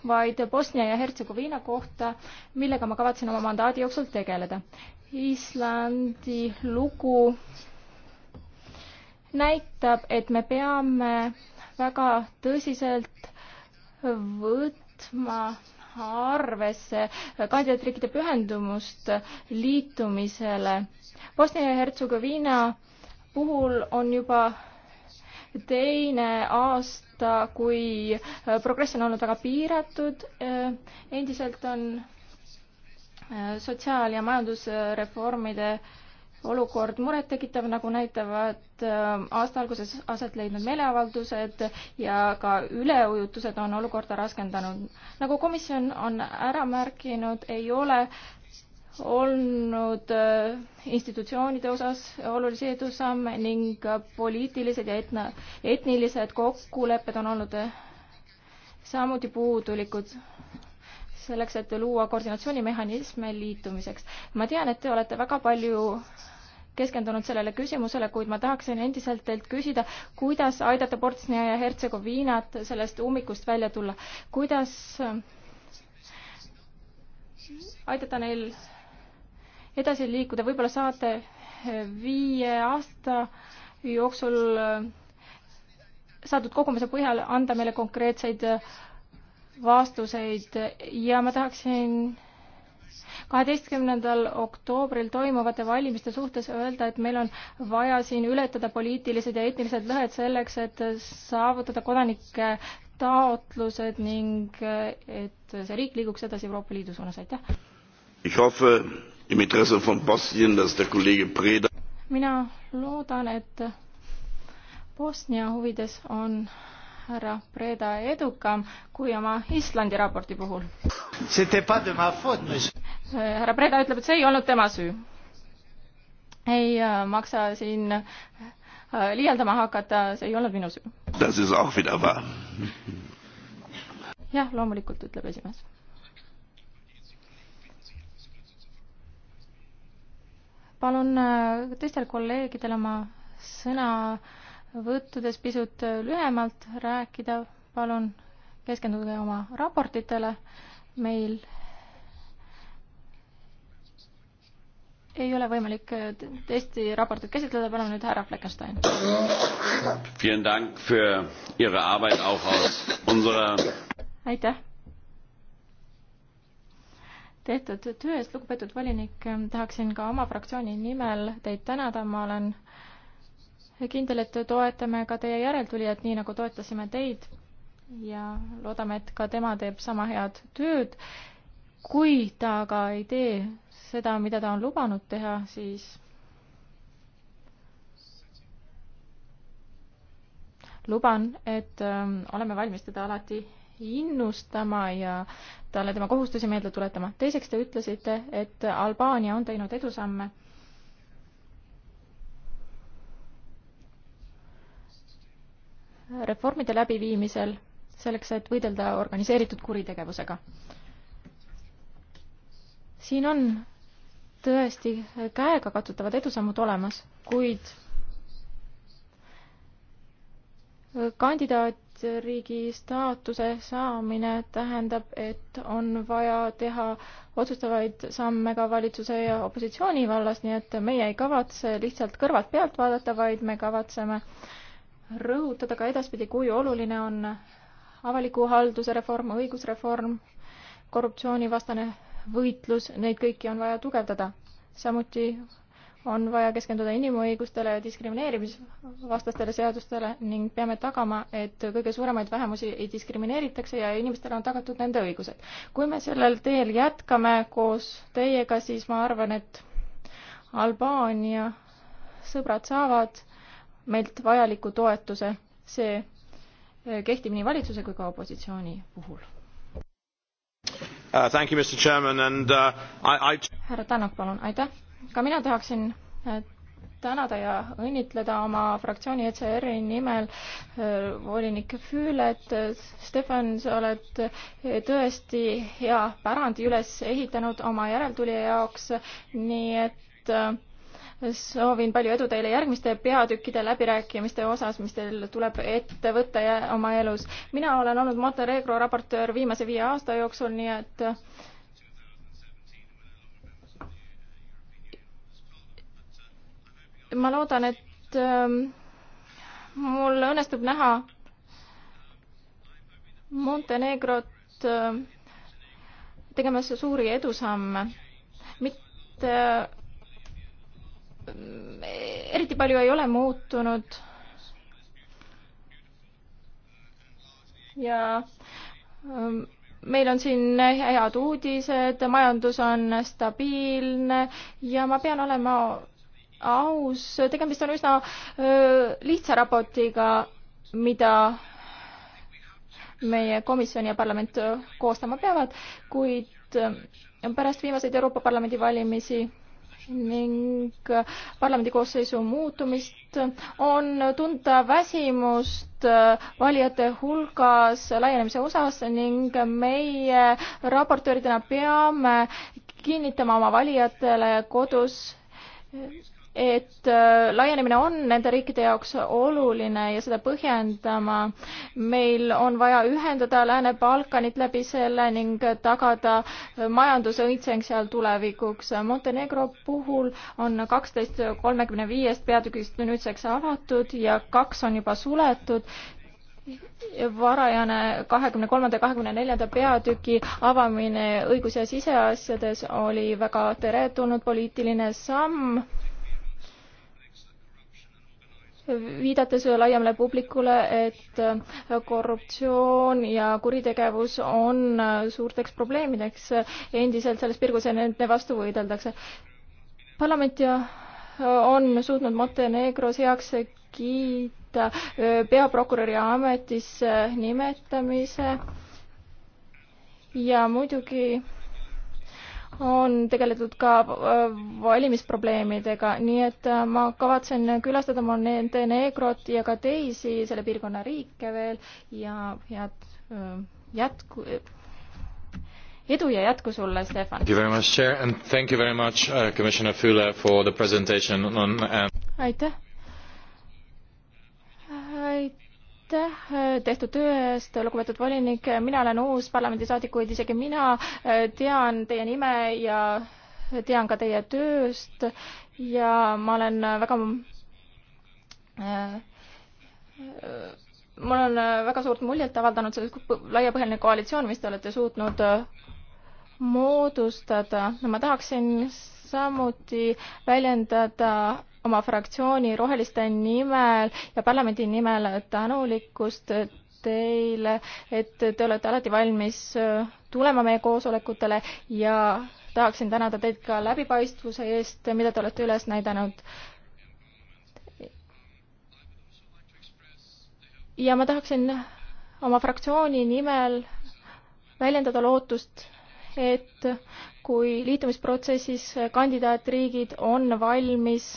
vaid Bosnia ja Hertsegoviina kohta, millega ma kavatsen oma mandaadi jooksul tegeleda. Islandi lugu näitab, et me peame väga tõsiselt võtma arvesse kandidaatriikide pühendumust liitumisele. Bosnia ja Hertsegoviina puhul on juba teine aasta, kui äh, progress on olnud väga piiratud. Äh, endiselt on äh, sotsiaal- ja majandusreformide olukord murettekitav, nagu näitavad aasta alguses aset leidnud meeleavaldused ja ka üleujutused on olukorda raskendanud. nagu komisjon on ära märkinud, ei ole olnud äh, institutsioonide osas olulisi edusamme ning poliitilised ja etna, etnilised kokkulepped on olnud äh, samuti puudulikud selleks, et luua koordinatsioonimehhanisme liitumiseks. ma tean, et te olete väga palju keskendunud sellele küsimusele, kuid ma tahaksin endiselt teilt küsida, kuidas aidata Bosnia ja Hertsegoviinat sellest ummikust välja tulla, kuidas äh, aidata neil edasi liikuda, võib-olla saate eh, viie aasta jooksul eh, saadud kogumuse põhjal anda meile konkreetseid eh, vastuseid ja ma tahaksin kaheteistkümnendal oktoobril toimuvate valimiste suhtes öelda, et meil on vaja siin ületada poliitilised ja etnilised lõhed selleks, et saavutada kodanike taotlused ning et see riik liiguks edasi Euroopa Liidu suunas, aitäh! im Interesse von Bosnien, dass der Kollege Preda. Mina loodan, et Bosnia huvides on härra Preda edukam kui oma Islandi raporti puhul. härra Preda ütleb, et see ei olnud tema süü. ei äh, maksa siin äh, liialdama hakata, see ei olnud minu süü. jah, loomulikult, ütleb esimees palun äh, teistel kolleegidel oma sõnavõttudes pisut lühemalt rääkida, palun keskenduge oma raportitele, meil ei ole võimalik äh, Eesti raportit käsitleda, palun nüüd härra Fleckenstein. aitäh tehtud töö eest, lugupeetud volinik, ehm, tahaksin ka oma fraktsiooni nimel teid tänada, ma olen kindel, et toetame ka teie järeltulijat, nii nagu toetasime teid ja loodame, et ka tema teeb sama head tööd. kui ta aga ei tee seda, mida ta on lubanud teha, siis luban, et öö, ehm, oleme valmis teda alati innustama ja talle tema kohustusi meelde tuletama. teiseks te ütlesite, et Albaania on teinud edusamme. reformide läbiviimisel selleks, et võidelda organiseeritud kuritegevusega. siin on tõesti käegakatsutavad edusammud olemas, kuid kandidaat liikmesriigi staatuse saamine tähendab, et on vaja teha otsustavaid samme ka valitsuse ja opositsiooni vallas, nii et meie ei kavatse lihtsalt kõrvalt pealt vaadata, vaid me kavatseme rõhutada ka edaspidi, kui oluline on avaliku halduse reform, õigusreform, korruptsioonivastane võitlus, neid kõiki on vaja tugevdada. samuti on vaja keskenduda inimõigustele ja diskrimineerimisvastastele seadustele ning peame tagama, et kõige suuremaid vähemusi ei diskrimineeritakse ja inimestele on tagatud nende õigused. kui me sellel teel jätkame koos teiega, siis ma arvan, et Albaania sõbrad saavad meilt vajaliku toetuse. see kehtib nii valitsuse kui ka opositsiooni puhul. Uh, uh, härra Tannak, palun, aitäh ka mina tahaksin äh, tänada ja õnnitleda oma fraktsiooni ECR-i nimel äh, volinik Füület. Stefan, sa oled äh, tõesti hea pärandi üles ehitanud oma järeltulija jaoks, nii et soovin palju edu teile järgmiste peatükkide läbirääkimiste osas, mis teil tuleb ette võtta oma elus. mina olen olnud Montenegro raportöör viimase viie aasta jooksul, nii et ma loodan, et ähm, mul õnnestub näha Montenegrot ähm, tegemas suuri edusamme. mitte, äh, eriti palju ei ole muutunud. ja ähm, meil on siin head uudised, majandus on stabiilne ja ma pean olema aus, tegemist on üsna öö, lihtsa raportiga, mida meie komisjon ja parlament koostama peavad, kuid pärast viimaseid Euroopa Parlamendi valimisi ning parlamendikoosseisu muutumist on tunda väsimust valijate hulgas laienemise osas ning meie raportööridena peame kinnitama oma valijatele kodus et äh, laienemine on nende riikide jaoks oluline ja seda põhjendama. meil on vaja ühendada Lääne-Balkanit läbi selle ning tagada majanduse õitseng seal tulevikuks. Montenegro puhul on kaksteist kolmekümne viiest peatükist nüüdseks avatud ja kaks on juba suletud varajane kahekümne kolmanda, kahekümne neljanda peatüki avamine õigus- ja siseasjades oli väga teretulnud poliitiline samm viidates laiemale publikule, et äh, korruptsioon ja kuritegevus on äh, suurteks probleemideks äh, endiselt selles piirkonnas ja nende vastu võideldakse. parlament ja on suutnud Montenegros heaks kiita peaprokuröri ametisse nimetamise ja muidugi on tegeletud ka äh, valimisprobleemidega, nii et äh, ma kavatsen külastada Montenegrot ja ka teisi selle piirkonna riike veel ja head äh, jätku, edu ja jätku sulle, Stefan! Uh, um, aitäh! aitäh tehtud töö eest, lugupeetud volinik, mina olen uus parlamendisaadik, kuid isegi mina äh, tean teie nime ja tean ka teie tööst ja ma olen äh, väga äh, mul on väga suurt muljet avaldanud see laiapõhjaline koalitsioon, mis te olete suutnud moodustada. ma tahaksin samuti väljendada oma fraktsiooni Roheliste nimel ja parlamendi nimel tänulikkust teile, et te olete alati valmis äh, tulema meie koosolekutele ja tahaksin tänada teid ka läbipaistvuse eest, mida te olete üles näidanud. ja ma tahaksin oma fraktsiooni nimel väljendada lootust, et kui liitumisprotsessis kandidaatriigid on valmis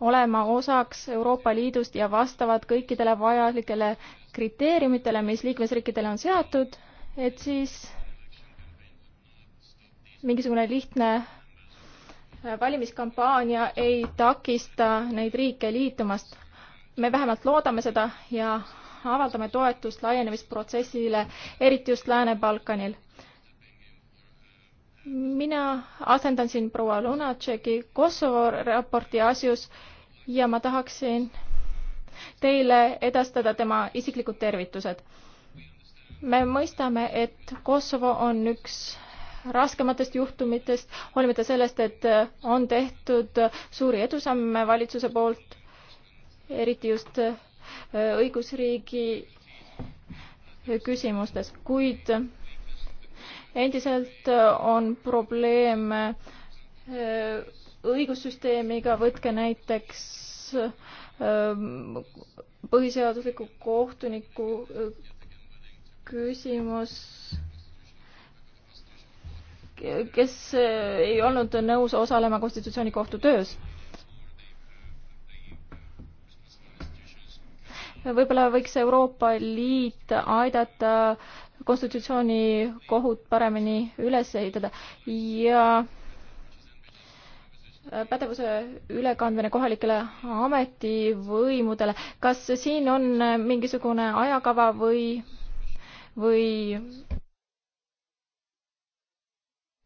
olema osaks Euroopa Liidust ja vastavad kõikidele vajalikele kriteeriumitele, mis liikmesriikidele on seatud, et siis mingisugune lihtne valimiskampaania ei takista neid riike liitumast. me vähemalt loodame seda ja avaldame toetust laienemisprotsessile, eriti just Lääne-Balkanil. mina asendan siin proua Lunatšeki Kosovo raporti asjus ja ma tahaksin teile edastada tema isiklikud tervitused. me mõistame, et Kosovo on üks raskematest juhtumitest, hoolimata sellest, et on tehtud suuri edusamme valitsuse poolt, eriti just äh, õigusriigi küsimustes, kuid endiselt on probleem äh, õigussüsteemiga, võtke näiteks ähm, põhiseadusliku kohtuniku äh, küsimus, kes äh, ei olnud nõus osalema konstitutsioonikohtu töös. võib-olla võiks Euroopa Liit aidata konstitutsioonikohut paremini üles ehitada ja pädevuse ülekandmine kohalikele ametivõimudele, kas siin on mingisugune ajakava või, või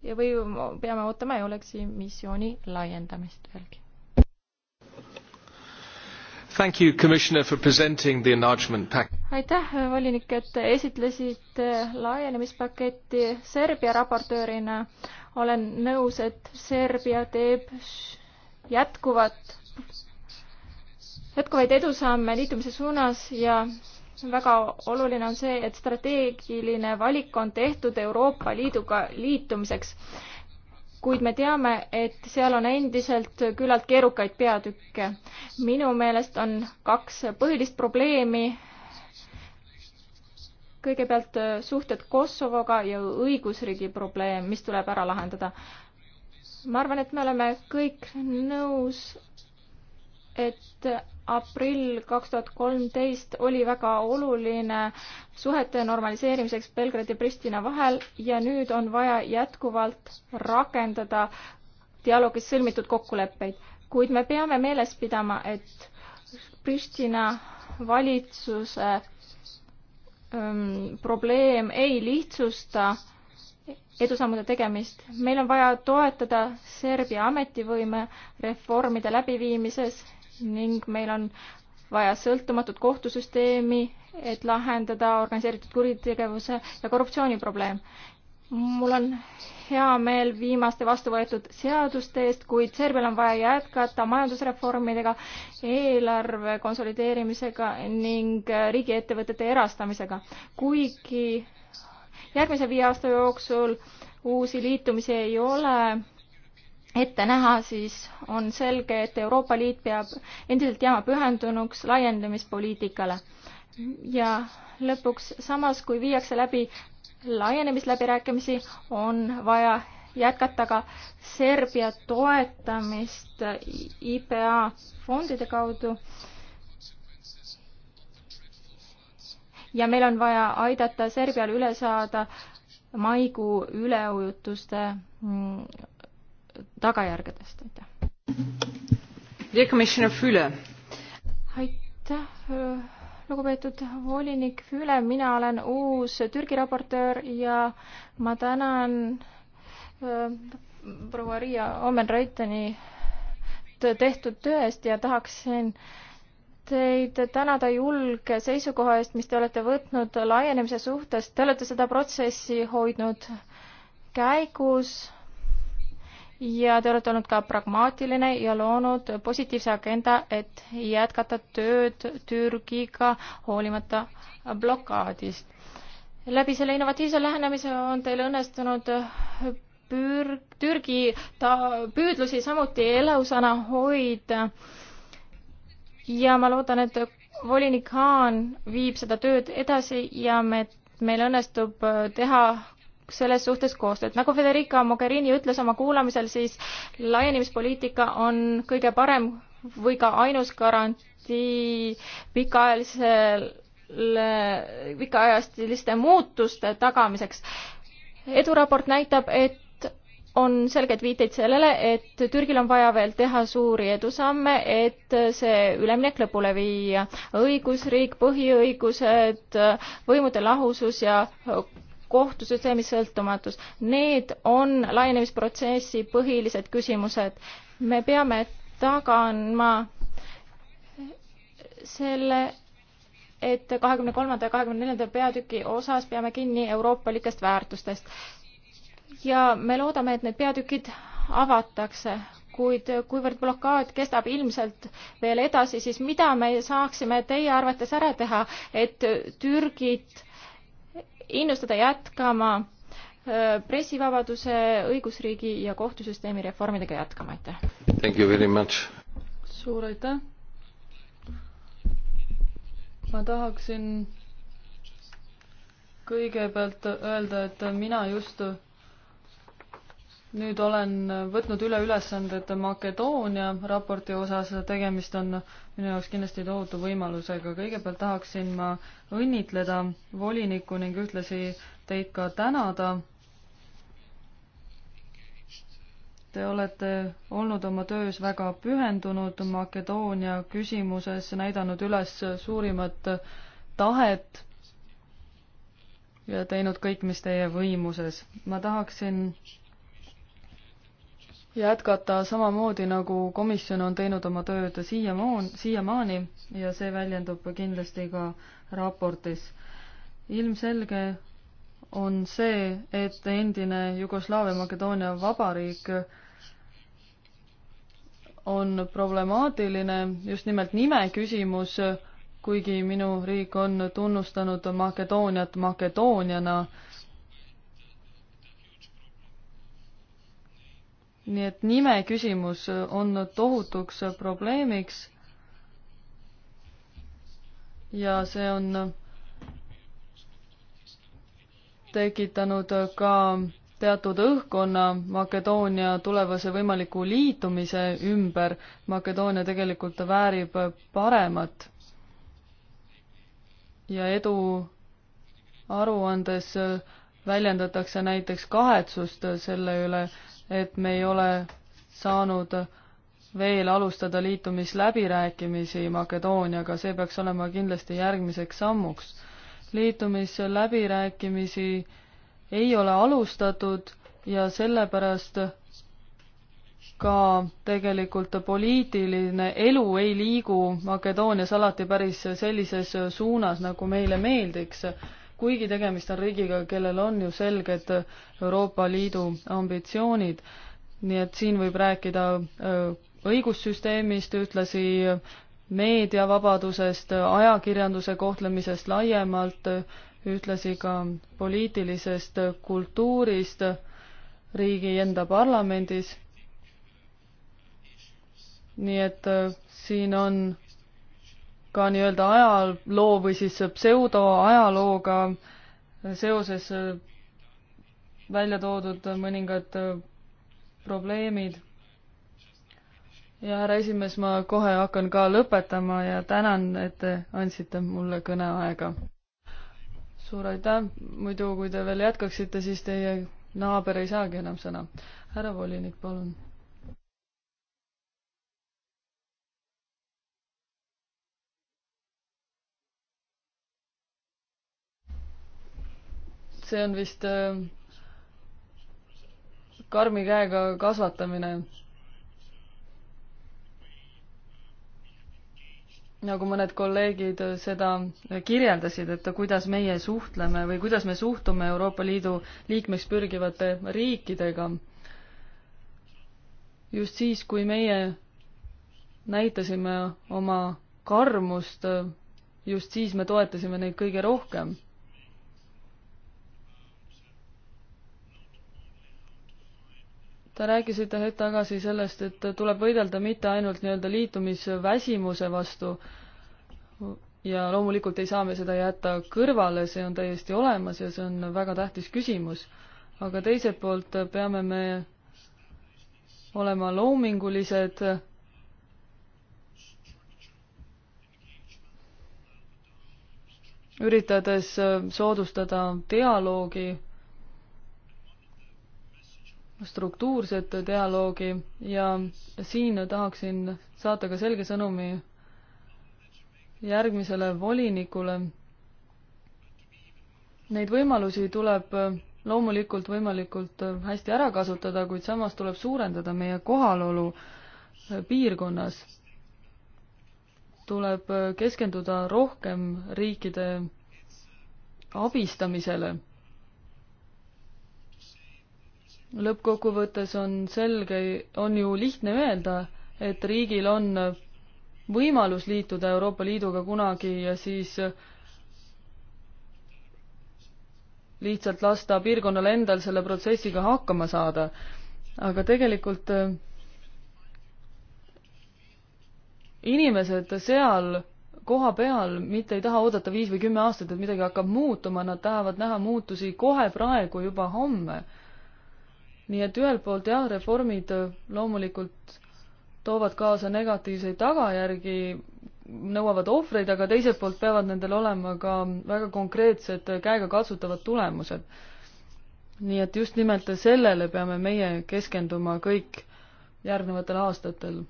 ja või peame ootama EOLEX-i missiooni laiendamist veelgi? Thank you, Commissioner, for presenting the enlargement pack. aitäh, volinik, et esitlesite laienemispaketti Serbia raportöörina olen nõus, et Serbia teeb jätkuvat, jätkuvaid edusamme liitumise suunas ja väga oluline on see, et strateegiline valik on tehtud Euroopa Liiduga liitumiseks. kuid me teame, et seal on endiselt küllalt keerukaid peatükke. minu meelest on kaks põhilist probleemi kõigepealt äh, suhted Kosovoga ja õigusriigi probleem, mis tuleb ära lahendada. ma arvan, et me oleme kõik nõus, et aprill kaks tuhat kolmteist oli väga oluline suhete normaliseerimiseks Belgradi ja Pristina vahel ja nüüd on vaja jätkuvalt rakendada dialoogis sõlmitud kokkuleppeid, kuid me peame meeles pidama, et Pristina valitsuse probleem ei lihtsusta edusammude tegemist. meil on vaja toetada Serbia ametivõime reformide läbiviimises ning meil on vaja sõltumatut kohtusüsteemi, et lahendada organiseeritud kuritegevuse ja korruptsiooni probleem mul on hea meel viimaste vastu võetud seaduste eest, kuid Serbial on vaja jätkata majandusreformidega, eelarve konsolideerimisega ning riigiettevõtete erastamisega. kuigi järgmise viie aasta jooksul uusi liitumisi ei ole ette näha, siis on selge, et Euroopa Liit peab endiselt jääma pühendunuks laiendamispoliitikale ja lõpuks samas, kui viiakse läbi laienemisläbirääkimisi, on vaja jätkata ka Serbia toetamist IPA fondide kaudu. ja meil on vaja aidata Serbial üle saada maikuu üleujutuste mm, tagajärgedest, aitäh. aitäh, lugupeetud volinik Füle, mina olen uus Türgi raportöör ja ma tänan äh, proua Riia Omen-Reuteni tehtud töö eest ja tahaksin teid tänada julge seisukoha eest, mis te olete võtnud laienemise suhtes. Te olete seda protsessi hoidnud käigus ja te olete olnud ka pragmaatiline ja loonud positiivse agenda, et jätkata tööd Türgiga hoolimata blokaadist. läbi selle innovatiivse lähenemise on teil õnnestunud pür-, Türgi ta-, püüdlusi samuti elusana hoida. ja ma loodan, et volinik Haan viib seda tööd edasi ja me, meil õnnestub teha selles suhtes koostööd. nagu Federica Mogherini ütles oma kuulamisel, siis laienemispoliitika on kõige parem või ka ainus garantii pikaajalisel, pikaajaliste muutuste tagamiseks. eduraport näitab, et on selged viiteid sellele, et Türgil on vaja veel teha suuri edusamme, et see üleminek lõpule viia. õigusriik, põhiõigused, võimude lahusus ja kohtusüsteemi sõltumatus, need on laienemisprotsessi põhilised küsimused. me peame tagama selle, et kahekümne kolmanda ja kahekümne neljanda peatüki osas peame kinni euroopalikest väärtustest. ja me loodame, et need peatükid avatakse, kuid kuivõrd blokaad kestab ilmselt veel edasi, siis mida me saaksime teie arvates ära teha, et Türgit innustada jätkama pressivabaduse, õigusriigi ja kohtusüsteemi reformidega jätkama, aitäh! suur aitäh! ma tahaksin kõigepealt öelda, et mina just nüüd olen võtnud üle ülesanded Makedoonia raporti osas, tegemist on minu jaoks kindlasti tohutu võimalusega. kõigepealt tahaksin ma õnnitleda volinikku ning ühtlasi teid ka tänada. Te olete olnud oma töös väga pühendunud Makedoonia küsimuses, näidanud üles suurimat tahet ja teinud kõik, mis teie võimuses. ma tahaksin jätkata samamoodi, nagu komisjon on teinud oma tööd siiamoon-, siiamaani ja see väljendub kindlasti ka raportis. ilmselge on see, et endine Jugoslaavia Makedoonia vabariik on problemaatiline just nimelt nime küsimus, kuigi minu riik on tunnustanud Makedooniat Makedooniana nii et nime küsimus on tohutuks probleemiks. ja see on tekitanud ka teatud õhkkonna Makedoonia tulevase võimaliku liitumise ümber. Makedoonia tegelikult väärib paremat. ja edu aruandes väljendatakse näiteks kahetsust selle üle, et me ei ole saanud veel alustada liitumisläbirääkimisi Makedooniaga, see peaks olema kindlasti järgmiseks sammuks. liitumisläbirääkimisi ei ole alustatud ja sellepärast ka tegelikult poliitiline elu ei liigu Makedoonias alati päris sellises suunas, nagu meile meeldiks kuigi tegemist on riigiga, kellel on ju selged Euroopa Liidu ambitsioonid. nii et siin võib rääkida äh, õigussüsteemist, ühtlasi meediavabadusest, ajakirjanduse kohtlemisest laiemalt, ühtlasi ka poliitilisest kultuurist riigi enda parlamendis. nii et äh, siin on ka nii-öelda ajaloo või siis pseudoajalooga seoses välja toodud mõningad probleemid. ja härra esimees, ma kohe hakkan ka lõpetama ja tänan, et te andsite mulle kõneaega. suur aitäh, muidu kui te veel jätkaksite, siis teie naaber ei saagi enam sõna. härra volinik, palun see on vist äh, karmi käega kasvatamine. nagu mõned kolleegid seda kirjeldasid, et kuidas meie suhtleme või kuidas me suhtume Euroopa Liidu liikmeks pürgivate riikidega. just siis, kui meie näitasime oma karmust, just siis me toetasime neid kõige rohkem Te rääkisite hetk tagasi sellest, et tuleb võidelda mitte ainult nii-öelda liitumisväsimuse vastu ja loomulikult ei saa me seda jätta kõrvale, see on täiesti olemas ja see on väga tähtis küsimus. aga teiselt poolt peame me olema loomingulised üritades soodustada dialoogi struktuurset dialoogi ja siin tahaksin saata ka selge sõnumi järgmisele volinikule. Neid võimalusi tuleb loomulikult võimalikult hästi ära kasutada, kuid samas tuleb suurendada meie kohalolu piirkonnas. tuleb keskenduda rohkem riikide abistamisele lõppkokkuvõttes on selge, on ju lihtne öelda, et riigil on võimalus liituda Euroopa Liiduga kunagi ja siis lihtsalt lasta piirkonnal endal selle protsessiga hakkama saada. aga tegelikult eh, inimesed seal koha peal mitte ei taha oodata viis või kümme aastat, et midagi hakkab muutuma, nad tahavad näha muutusi kohe praegu, juba homme nii et ühelt poolt jah, reformid äh, loomulikult toovad kaasa negatiivseid tagajärgi, nõuavad ohvreid, aga teiselt poolt peavad nendel olema ka väga konkreetsed äh, käegakatsutavad tulemused. nii et just nimelt sellele peame meie keskenduma kõik järgnevatel aastatel.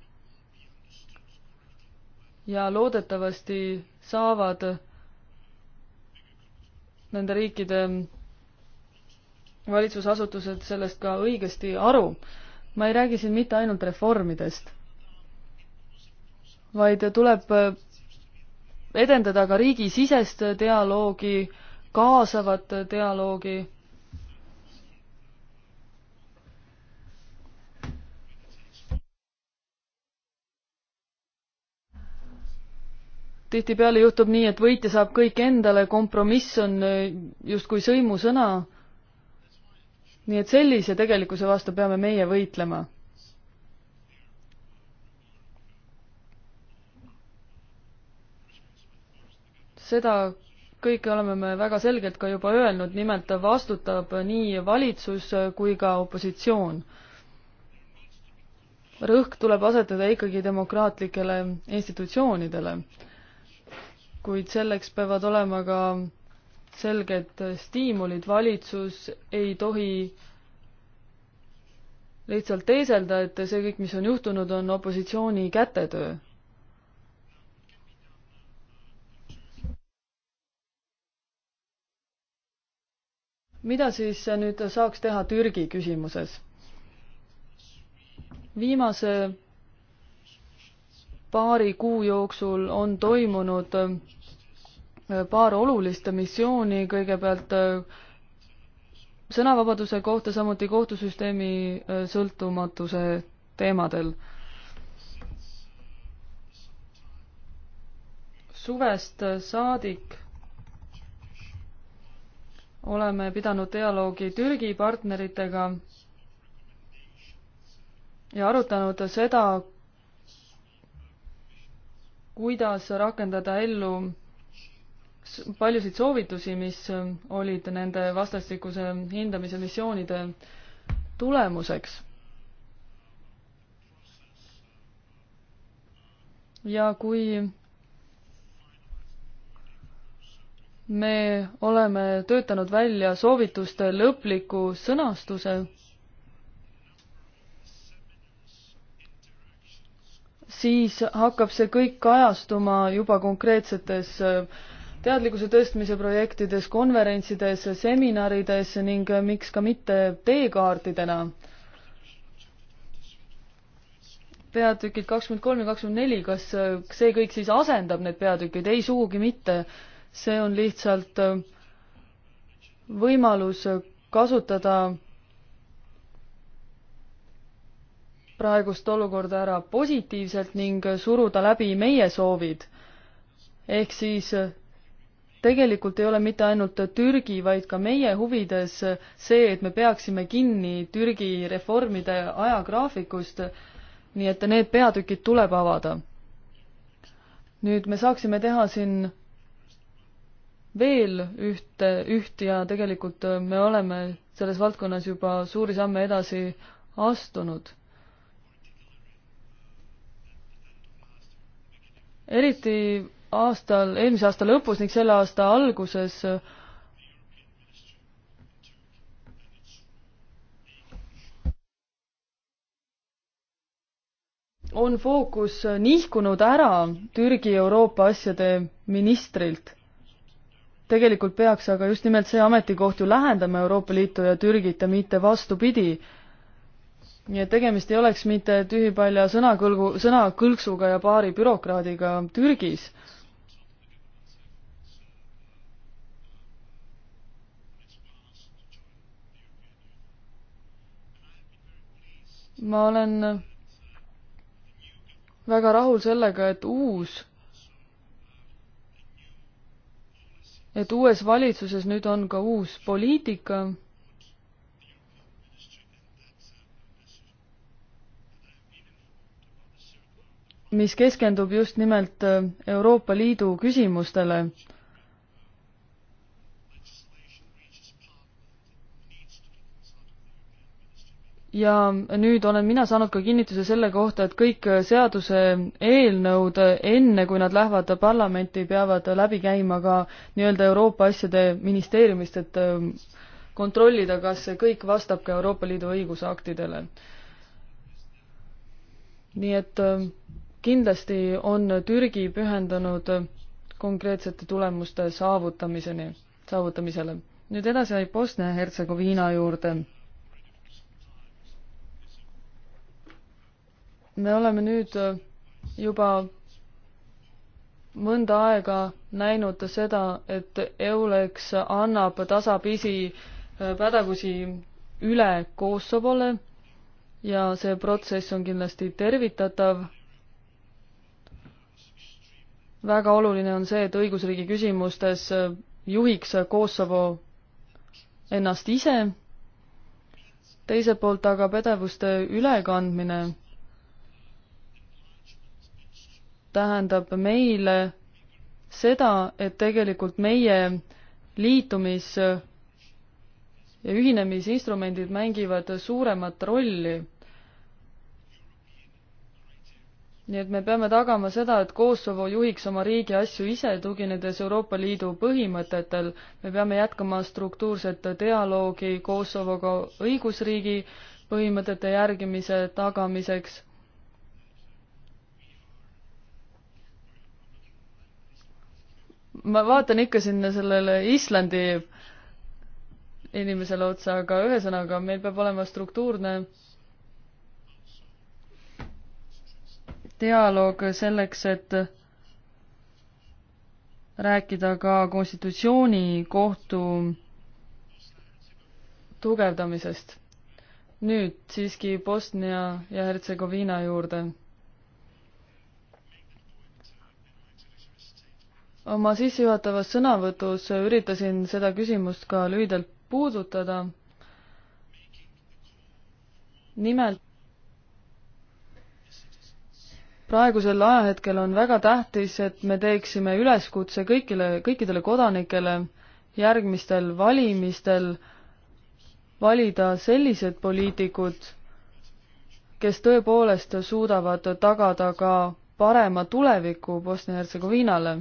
ja loodetavasti saavad nende riikide valitsusasutused sellest ka õigesti aru. ma ei räägi siin mitte ainult reformidest, vaid tuleb edendada ka riigisisest dialoogi, kaasavat dialoogi tihtipeale juhtub nii, et võitja saab kõik endale, kompromiss on justkui sõimusõna nii et sellise tegelikkuse vastu peame meie võitlema. seda kõike oleme me väga selgelt ka juba öelnud, nimelt vastutab nii valitsus kui ka opositsioon. rõhk tuleb asetada ikkagi demokraatlikele institutsioonidele, kuid selleks peavad olema ka selged stiimulid, valitsus ei tohi lihtsalt teeselda, et see kõik, mis on juhtunud, on opositsiooni kätetöö. mida siis nüüd saaks teha Türgi küsimuses? viimase paari kuu jooksul on toimunud paar olulist missiooni, kõigepealt äh, sõnavabaduse kohta, samuti kohtusüsteemi äh, sõltumatuse teemadel. suvest äh, saadik oleme pidanud dialoogi Türgi partneritega ja arutanud seda, kuidas rakendada ellu paljusid soovitusi, mis ähm, olid nende vastastikuse hindamise missioonide tulemuseks. ja kui me oleme töötanud välja soovituste lõpliku sõnastuse, siis hakkab see kõik kajastuma juba konkreetsetes äh, teadlikkuse tõstmise projektides, konverentsides, seminarides ning miks ka mitte teekaartidena. peatükid kakskümmend kolm ja kakskümmend neli, kas see kõik siis asendab need peatükid? ei, sugugi mitte. see on lihtsalt võimalus kasutada praegust olukorda ära positiivselt ning suruda läbi meie soovid. ehk siis tegelikult ei ole mitte ainult Türgi, vaid ka meie huvides see, et me peaksime kinni Türgi reformide ajagraafikust, nii et need peatükid tuleb avada. nüüd me saaksime teha siin veel ühte, üht ja tegelikult me oleme selles valdkonnas juba suuri samme edasi astunud. eriti aastal, eelmise aasta lõpus ning selle aasta alguses on fookus nihkunud ära Türgi Euroopa asjade ministrilt. tegelikult peaks aga just nimelt see ametikoht ju lähendama Euroopa Liitu ja Türgit ja mitte vastupidi. nii et tegemist ei oleks mitte tühipalja sõnakõlgu, sõnakõlksuga ja paari bürokraadiga Türgis ma olen väga rahul sellega, et uus, et uues valitsuses nüüd on ka uus poliitika. mis keskendub just nimelt Euroopa Liidu küsimustele ja nüüd olen mina saanud ka kinnituse selle kohta, et kõik seaduseelnõud, enne kui nad lähevad parlamenti, peavad läbi käima ka nii-öelda Euroopa asjade ministeeriumist, et ähm, kontrollida, kas see kõik vastab ka Euroopa Liidu õigusaktidele. nii et ähm, kindlasti on Türgi pühendunud konkreetsete tulemuste saavutamiseni, saavutamisele. nüüd edasi Bosnia-Hertsegoviina juurde me oleme nüüd äh, juba mõnda aega näinud seda, et Eulex annab tasapisi äh, pädevusi üle Kosovole ja see protsess on kindlasti tervitatav. väga oluline on see, et õigusriigi küsimustes äh, juhiks Kosovo ennast ise, teiselt poolt aga pädevuste ülekandmine tähendab meile seda, et tegelikult meie liitumis- ja ühinemisinstrumendid mängivad suuremat rolli. nii et me peame tagama seda, et Kosovo juhiks oma riigi asju ise, tuginedes Euroopa Liidu põhimõtetel. me peame jätkama struktuurset dialoogi Kosovoga õigusriigi põhimõtete järgimise tagamiseks ma vaatan ikka sinna sellele Islandi inimesele otsa, aga ühesõnaga, meil peab olema struktuurne dialoog selleks, et rääkida ka konstitutsioonikohtu tugevdamisest. nüüd siiski Bosnia ja Hertsegoviina juurde oma sissejuhatavas sõnavõtus üritasin seda küsimust ka lühidalt puudutada. nimelt praegusel ajahetkel on väga tähtis, et me teeksime üleskutse kõikile, kõikidele kodanikele järgmistel valimistel valida sellised poliitikud, kes tõepoolest suudavad tagada ka parema tuleviku Bosnia-Hertsegoviinale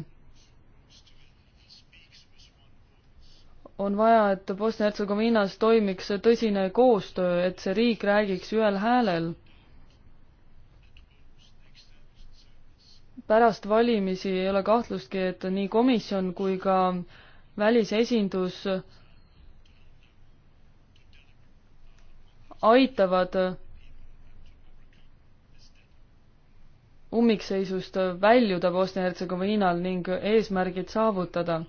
on vaja, et Bosnia-Hertsegoviinas toimiks tõsine koostöö, et see riik räägiks ühel häälel. pärast valimisi ei ole kahtlustki, et nii komisjon kui ka välisesindus aitavad ummikseisust väljuda Bosnia-Hertsegoviinal ning eesmärgid saavutada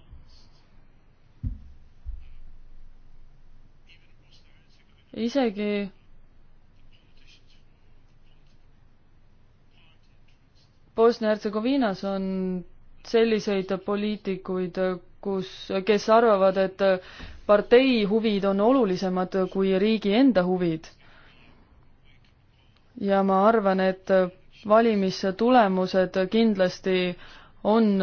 isegi Bosnia-Hertsegoviinas on selliseid poliitikuid, kus, kes arvavad, et partei huvid on olulisemad kui riigi enda huvid. ja ma arvan, et valimistulemused kindlasti on,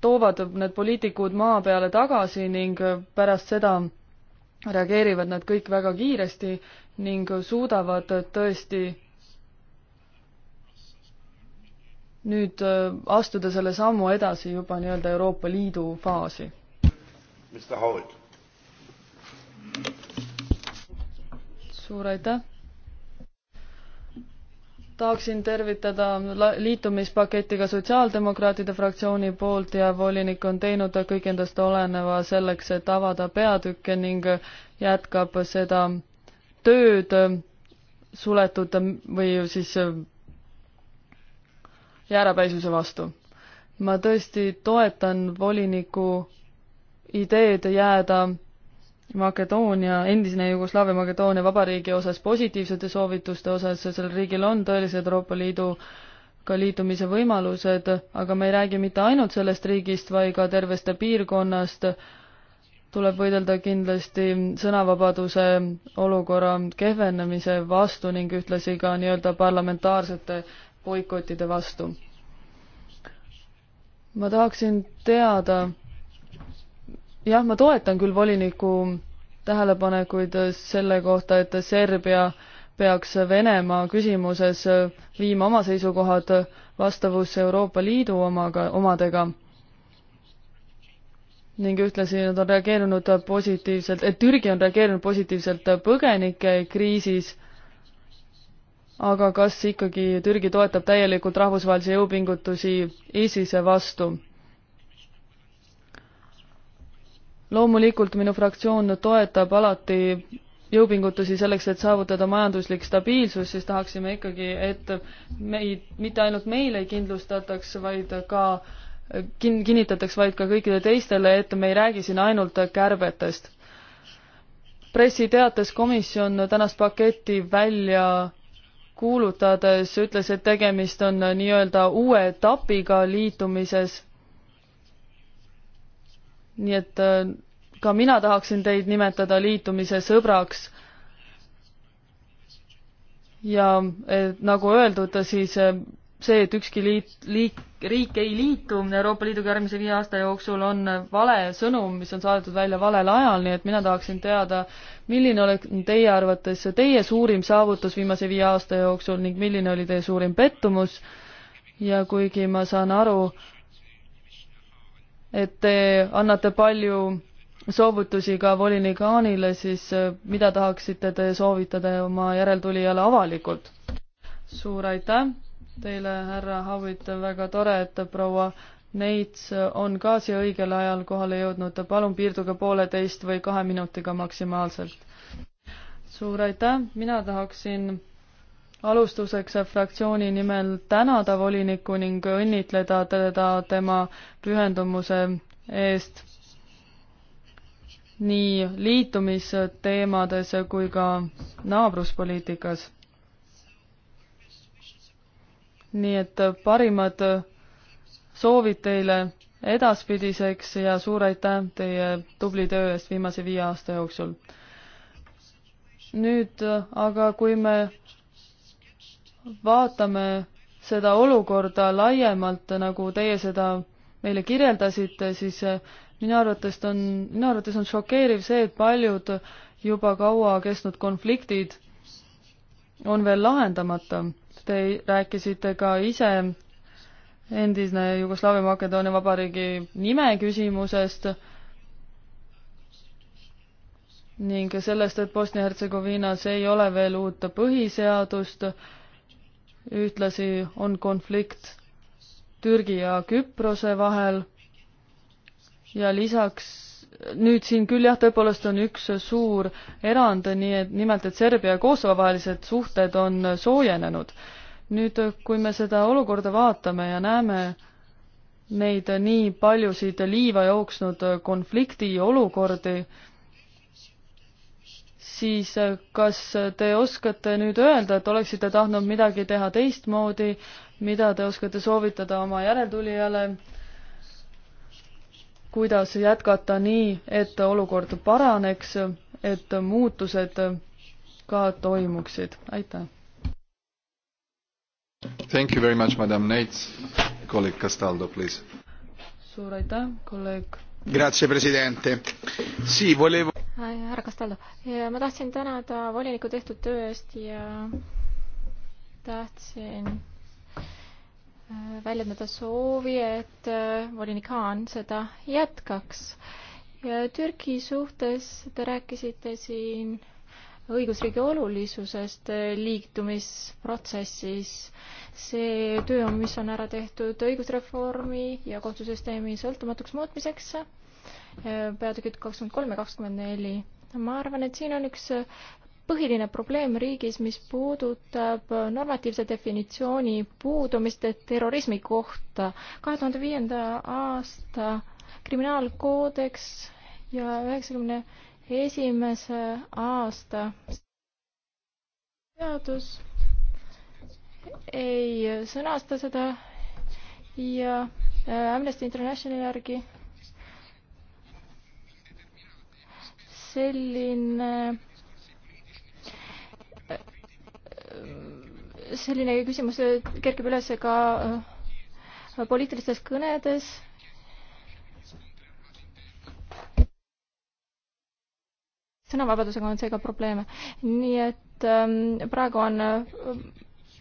toovad need poliitikud maa peale tagasi ning pärast seda reageerivad nad kõik väga kiiresti ning suudavad tõesti nüüd äh, astuda selle sammu edasi juba nii-öelda Euroopa Liidu faasi. suur aitäh! tahaksin tervitada liitumispaketi ka Sotsiaaldemokraatide fraktsiooni poolt ja volinik on teinud kõik endast oleneva selleks, et avada peatükke ning jätkab seda tööd suletud või siis jäärapäisuse vastu. ma tõesti toetan voliniku ideed jääda Makedoonia, endisene Jugoslaavia Makedoonia vabariigi osas positiivsete soovituste osas, sellel riigil on tõelised Euroopa Liiduga liitumise võimalused, aga me ei räägi mitte ainult sellest riigist, vaid ka tervest piirkonnast, tuleb võidelda kindlasti sõnavabaduse olukorra kehvenemise vastu ning ühtlasi ka nii-öelda parlamentaarsete boikottide vastu. ma tahaksin teada, jah, ma toetan küll voliniku tähelepanekuid selle kohta, et Serbia peaks Venemaa küsimuses viima oma seisukohad vastavusse Euroopa Liidu omaga, omadega. ning ühtlasi nad on reageerinud positiivselt, et Türgi on reageerinud positiivselt põgenike kriisis, aga kas ikkagi Türgi toetab täielikult rahvusvahelisi jõupingutusi ISISe vastu? loomulikult minu fraktsioon toetab alati jõupingutusi selleks, et saavutada majanduslik stabiilsus, siis tahaksime ikkagi, et meid, mitte ainult meile ei kindlustataks, vaid ka kin-, kinnitataks vaid ka kõikidele teistele, et me ei räägi siin ainult kärbetest. pressiteates komisjon tänast paketti välja kuulutades ütles, et tegemist on nii-öelda uue etapiga liitumises. nii et ka mina tahaksin teid nimetada liitumise sõbraks. ja et, nagu öeldud, siis eh, see, et ükski liit, liik, riik ei liitu Euroopa Liiduga järgmise viie aasta jooksul, on vale sõnum, mis on saadetud välja valel ajal, nii et mina tahaksin teada, milline oleks teie arvates teie suurim saavutus viimase viie aasta jooksul ning milline oli teie suurim pettumus ja kuigi ma saan aru, et te annate palju soovutusi ka volinik Haanile, siis äh, mida tahaksite te soovitada oma järeltulijale avalikult? suur aitäh teile, härra Havit, väga tore, et proua Neits on ka siia õigel ajal kohale jõudnud, palun piirduge pooleteist või kahe minutiga maksimaalselt. suur aitäh, mina tahaksin alustuseks fraktsiooni nimel tänada volinikku ning õnnitleda teda tema pühendumuse eest nii liitumisteemades kui ka naabruspoliitikas. nii et parimad soovid teile edaspidiseks ja suur aitäh teie tubli töö eest viimase viie aasta jooksul. nüüd aga, kui me vaatame seda olukorda laiemalt, nagu teie seda meile kirjeldasite, siis minu arvates on, minu arvates on šokeeriv see, et paljud juba kaua kestnud konfliktid on veel lahendamata. Te rääkisite ka ise endisne Jugoslaavia Makedoonia Vabariigi nime küsimusest ning sellest, et Bosnia-Hertsegoviinas ei ole veel uut põhiseadust. ühtlasi on konflikt Türgi ja Küprose vahel ja lisaks nüüd siin küll jah, tõepoolest on üks suur erand, nii et nimelt, et Serbia ja Kosovo vahelised suhted on soojenenud. nüüd, kui me seda olukorda vaatame ja näeme neid nii paljusid liiva jooksnud konfliktiolukordi, siis kas te oskate nüüd öelda, et oleksite tahtnud midagi teha teistmoodi, mida te oskate soovitada oma järeltulijale äh, kuidas jätkata nii, et olukord paraneks, et muutused ka toimuksid. aitäh! Thank you very much, madam Neits. Kolleeg Castaldo, please. suur aitäh, kolleeg. Grazie, presidente. Sì, volevo. härra Castaldo, ma tahtsin tänada voliniku tehtud töö eest ja tahtsin väljendada soovi, et äh, volinik Haan seda jätkaks. ja Türgi suhtes te rääkisite siin õigusriigi olulisusest äh, liitumisprotsessis. see töö, mis on ära tehtud õigusreformi ja kohtusüsteemi sõltumatuks muutmiseks, äh, peatükid kakskümmend kolm ja kakskümmend neli. ma arvan, et siin on üks põhiline probleem riigis, mis puudutab normatiivse definitsiooni puudumist terrorismi kohta. kahe tuhande viienda aasta kriminaalkoodeks ja üheksakümne esimese aasta seadus ei sõnasta seda ja äh, Amnesty Internationali järgi selline selline küsimus kerkib üles ka äh, poliitilistes kõnedes. sõnavabadusega on seega probleeme, nii et ähm, praegu on äh,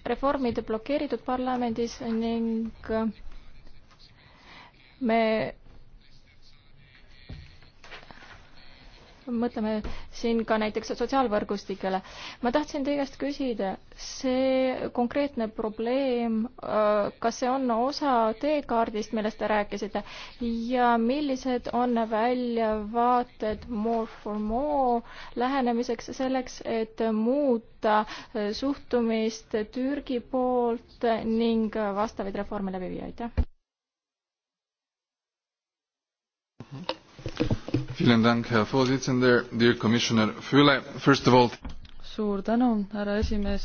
reformid blokeeritud parlamendis ning äh, me mõtleme siin ka näiteks sotsiaalvõrgustikele. ma tahtsin teie käest küsida, see konkreetne probleem, äh, kas see on osa teekaardist, millest te rääkisite ja millised on väljavaated more for more lähenemiseks selleks, et muuta äh, suhtumist Türgi poolt ning vastavaid reforme läbi viia, aitäh? Mhm suur tänu, härra esimees.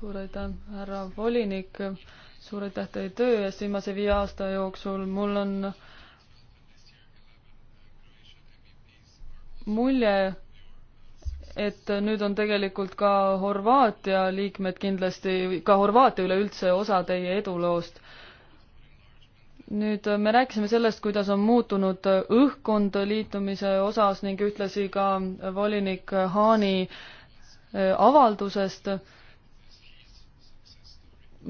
suur aitäh, härra volinik. suur aitäh teie töö eest viimase viie aasta jooksul. mul on mulje, et nüüd on tegelikult ka Horvaatia liikmed kindlasti, ka Horvaatia üleüldse osa teie eduloost nüüd me rääkisime sellest, kuidas on muutunud õhkkond liitumise osas ning ühtlasi ka volinik Haani äh, avaldusest.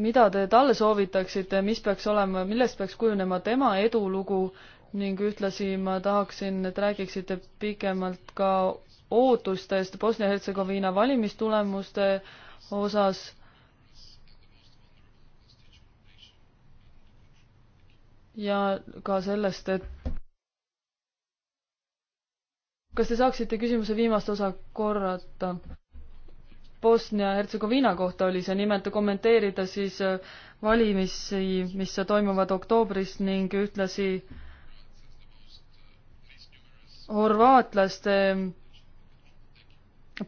mida te talle soovitaksite, mis peaks olema, millest peaks kujunema tema edulugu ning ühtlasi ma tahaksin, et räägiksite pikemalt ka ootustest Bosnia-Hertsegoviina valimistulemuste osas ja ka sellest, et kas te saaksite küsimuse viimast osa korrata? Bosnia-Hertsegoviina kohta oli see nimelt kommenteerida siis äh, valimisi, mis toimuvad oktoobris ning ühtlasi horvaatlaste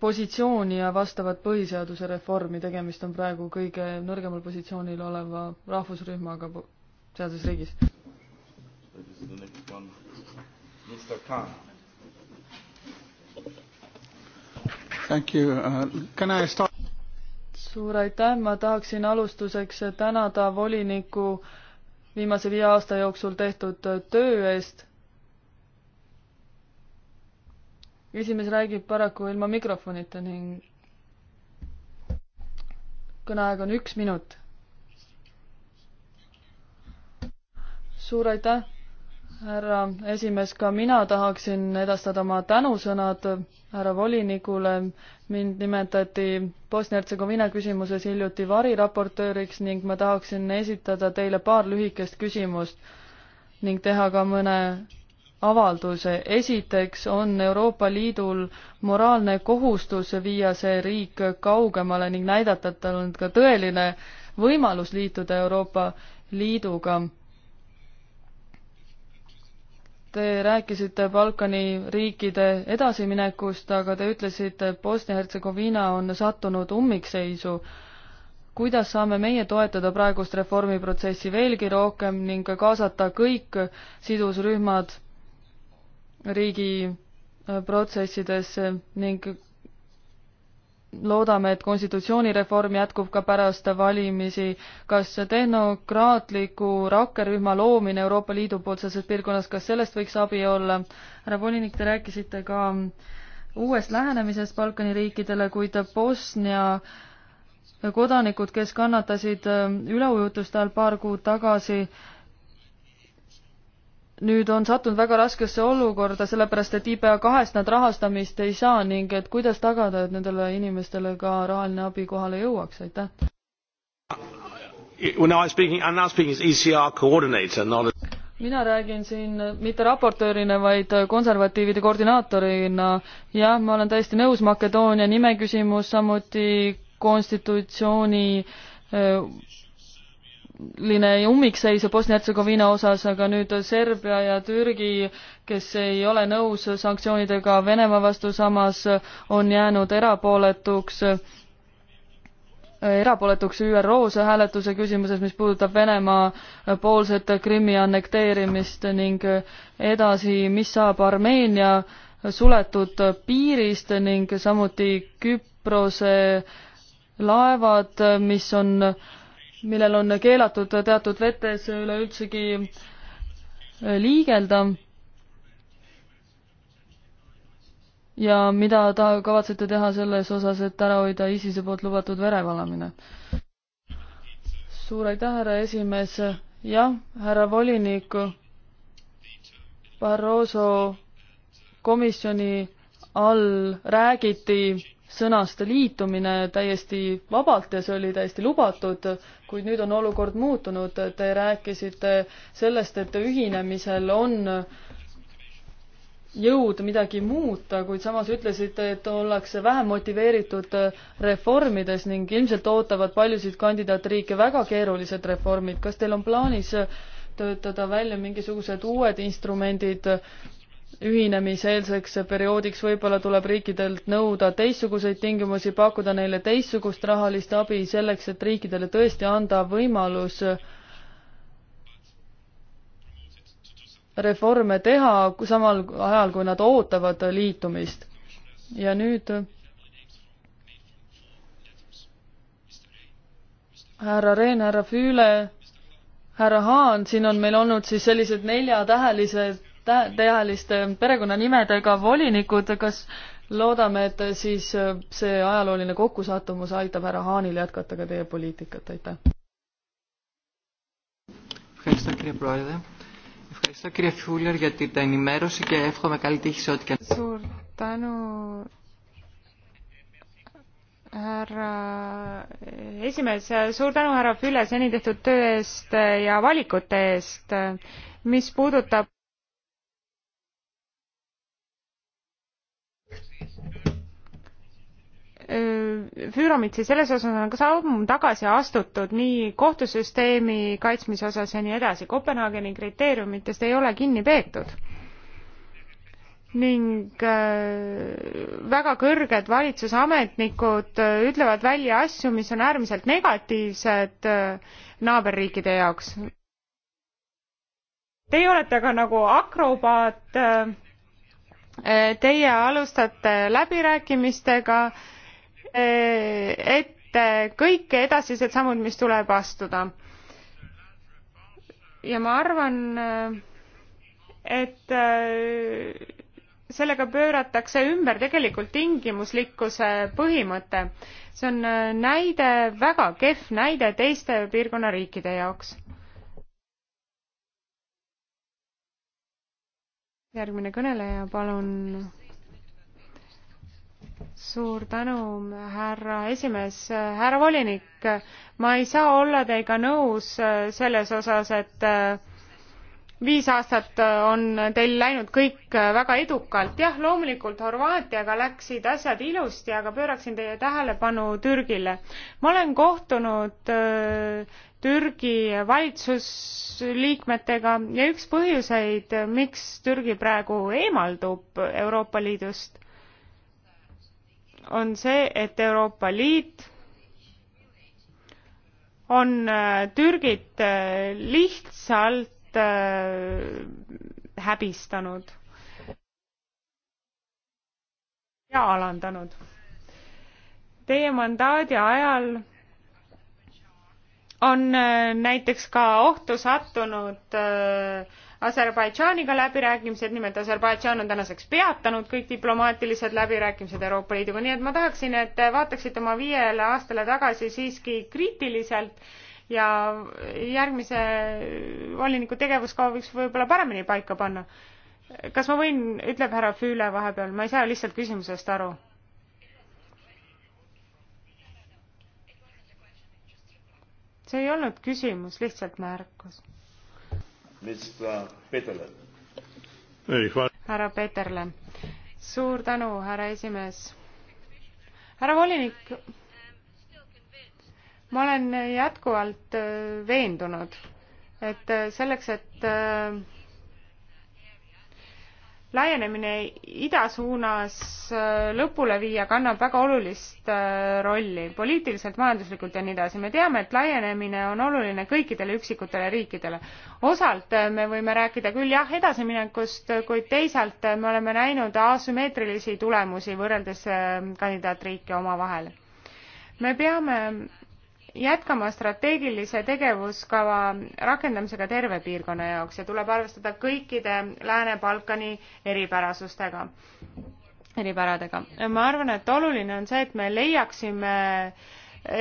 positsiooni ja vastavat põhiseaduse reformi, tegemist on praegu kõige nõrgemal positsioonil oleva rahvusrühmaga sealses riigis This is the next one. Mr. Khan. Thank you. Uh, can I start? suur aitäh, ma tahaksin alustuseks tänada voliniku viimase viie aasta jooksul tehtud töö eest. esimees räägib paraku ilma mikrofonita ning kõneaeg on üks minut. suur aitäh härra esimees, ka mina tahaksin edastada oma tänusõnad härra volinikule. mind nimetati Bosnia-Hertsegoviina küsimuses hiljuti variraportööriks ning ma tahaksin esitada teile paar lühikest küsimust ning teha ka mõne avalduse. esiteks on Euroopa Liidul moraalne kohustus viia see riik kaugemale ning näidata, et tal on ka tõeline võimalus liituda Euroopa Liiduga Te rääkisite Balkani riikide edasiminekust, aga te ütlesite, et Bosnia-Hertsegoviina on sattunud ummikseisu. kuidas saame meie toetada praegust reformiprotsessi veelgi rohkem ning kaasata kõik sidusrühmad riigi protsessidesse ning loodame, et konstitutsioonireform jätkub ka pärast valimisi. kas tehnokraatliku rakkerühma loomine Euroopa Liidu poolses piirkonnas, kas sellest võiks abi olla? härra volinik, te rääkisite ka uuest lähenemisest Balkani riikidele, kuid Bosnia kodanikud, kes kannatasid üleujutuste all paar kuud tagasi, nüüd on sattunud väga raskesse olukorda, sellepärast et IPA kahest nad rahastamist ei saa ning et kuidas tagada, et nendele inimestele ka rahaline abi kohale jõuaks, aitäh. E mina räägin siin mitte raportöörina, vaid konservatiivide koordinaatorina. jah, ma olen täiesti nõus, Makedoonia nime küsimus, samuti konstitutsiooni äh, poliitiline ummikseis Bosnia-Hertsegoviina osas, aga nüüd Serbia ja Türgi, kes ei ole nõus sanktsioonidega Venemaa vastu, samas on jäänud erapooletuks erapooletuks ÜRO-s hääletuse küsimuses, mis puudutab Venemaa poolset Krimmi annekteerimist ning edasi, mis saab Armeenia suletud piirist ning samuti Küprose laevad, mis on äh, millel on keelatud teatud vetes üleüldsegi liigelda. ja mida ta kavatsete teha selles osas, et ära hoida ISISe poolt lubatud verevalamine? suur aitäh, härra esimees. jah, härra volinik, Barroso komisjoni all räägiti sõnast liitumine täiesti vabalt ja see oli täiesti lubatud, kuid nüüd on olukord muutunud. Te rääkisite sellest, et ühinemisel on jõud midagi muuta, kuid samas ütlesite, et ollakse vähem motiveeritud reformides ning ilmselt ootavad paljusid kandidaatriike väga keerulised reformid. kas teil on plaanis töötada välja mingisugused uued instrumendid ühinemiseelseks perioodiks võib-olla tuleb riikidelt nõuda teistsuguseid tingimusi, pakkuda neile teistsugust rahalist abi selleks, et riikidele tõesti anda võimalus reforme teha, samal ajal kui nad ootavad liitumist. ja nüüd härra Rehn, härra Füüle härra Haan, siin on meil olnud siis sellised neljatähelised täheliste perekonnanimedega volinikud, kas loodame, et siis äh, see ajalooline kokkusattumus aitab härra Haanil jätkata ka teie poliitikat, aitäh. suur tänu, härra esimees, suur tänu, härra Fülle, seni tehtud töö eest ja valikute eest, mis puudutab Äh, Füüramitsi selles osas on ka samm tagasi astutud nii kohtusüsteemi kaitsmise osas ja nii edasi. Kopenhaageni kriteeriumitest ei ole kinni peetud. ning äh, väga kõrged valitsusametnikud äh, ütlevad välja asju, mis on äärmiselt negatiivsed naaberriikide jaoks. Teie olete aga nagu akrobaat. Teie alustate läbirääkimistega Äh, ette kõik edasised sammud, mis tuleb astuda. ja ma arvan, äh, et äh, sellega pööratakse ümber tegelikult tingimuslikkuse põhimõte. see on näide, väga kehv näide teiste piirkonna riikide jaoks. järgmine kõneleja, palun suur tänu, härra esimees, härra volinik, ma ei saa olla teiega nõus äh, selles osas, et äh, viis aastat äh, on teil läinud kõik väga edukalt. jah, loomulikult Horvaatiaga läksid asjad ilusti, aga pööraksin teie tähelepanu Türgile. ma olen kohtunud Türgi valitsusliikmetega ja üks põhjuseid, miks Türgi praegu eemaldub Euroopa Liidust on see, et Euroopa Liit on äh, Türgit äh, lihtsalt äh, häbistanud ja alandanud. Teie mandaadi ajal on näiteks ka ohtu sattunud äh, Aserbaidžaaniga läbirääkimised, nimelt Aserbaidžaan on tänaseks peatanud kõik diplomaatilised läbirääkimised Euroopa Liiduga, nii et ma tahaksin, et vaataksite oma viiele aastale tagasi siiski kriitiliselt ja järgmise voliniku tegevuskava võiks võib-olla paremini paika panna. kas ma võin, ütleb härra Füüle vahepeal, ma ei saa lihtsalt küsimusest aru see ei olnud küsimus, lihtsalt märkus härra Peterle. suur tänu, härra esimees. härra volinik, ma olen jätkuvalt äh, veendunud, et äh, selleks, et äh, laienemine ida suunas äh, lõpule viia kannab väga olulist äh, rolli poliitiliselt, majanduslikult ja nii edasi. me teame, et laienemine on oluline kõikidele üksikutele riikidele. osalt äh, me võime rääkida küll jah, edasiminekust, kuid teisalt me oleme näinud asümmeetrilisi tulemusi võrreldes kandidaatriike omavahel. me peame jätkama strateegilise tegevuskava rakendamisega terve piirkonna jaoks ja tuleb arvestada kõikide Lääne-Balkani eripärasustega, eripäradega. ma arvan, et oluline on see, et me leiaksime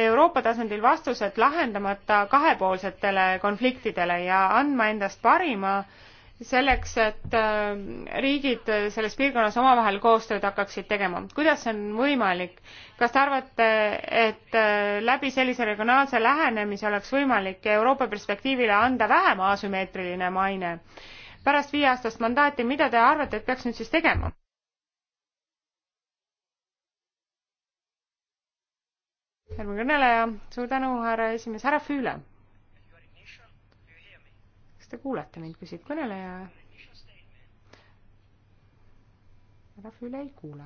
Euroopa tasandil vastused lahendamata kahepoolsetele konfliktidele ja andma endast parima äh, selleks, et äh, riigid selles piirkonnas omavahel koostööd hakkaksid tegema. kuidas see on võimalik? kas te arvate, et äh, läbi sellise regionaalse lähenemise oleks võimalik Euroopa perspektiivile anda vähem asümmeetriline maine? pärast viieaastast mandaati, mida te arvate, et peaks nüüd siis tegema? järgmine kõneleja, suur tänu, härra esimees, härra Füüle kas te kuulete mind, küsib kõneleja. härra Füüle ei kuule.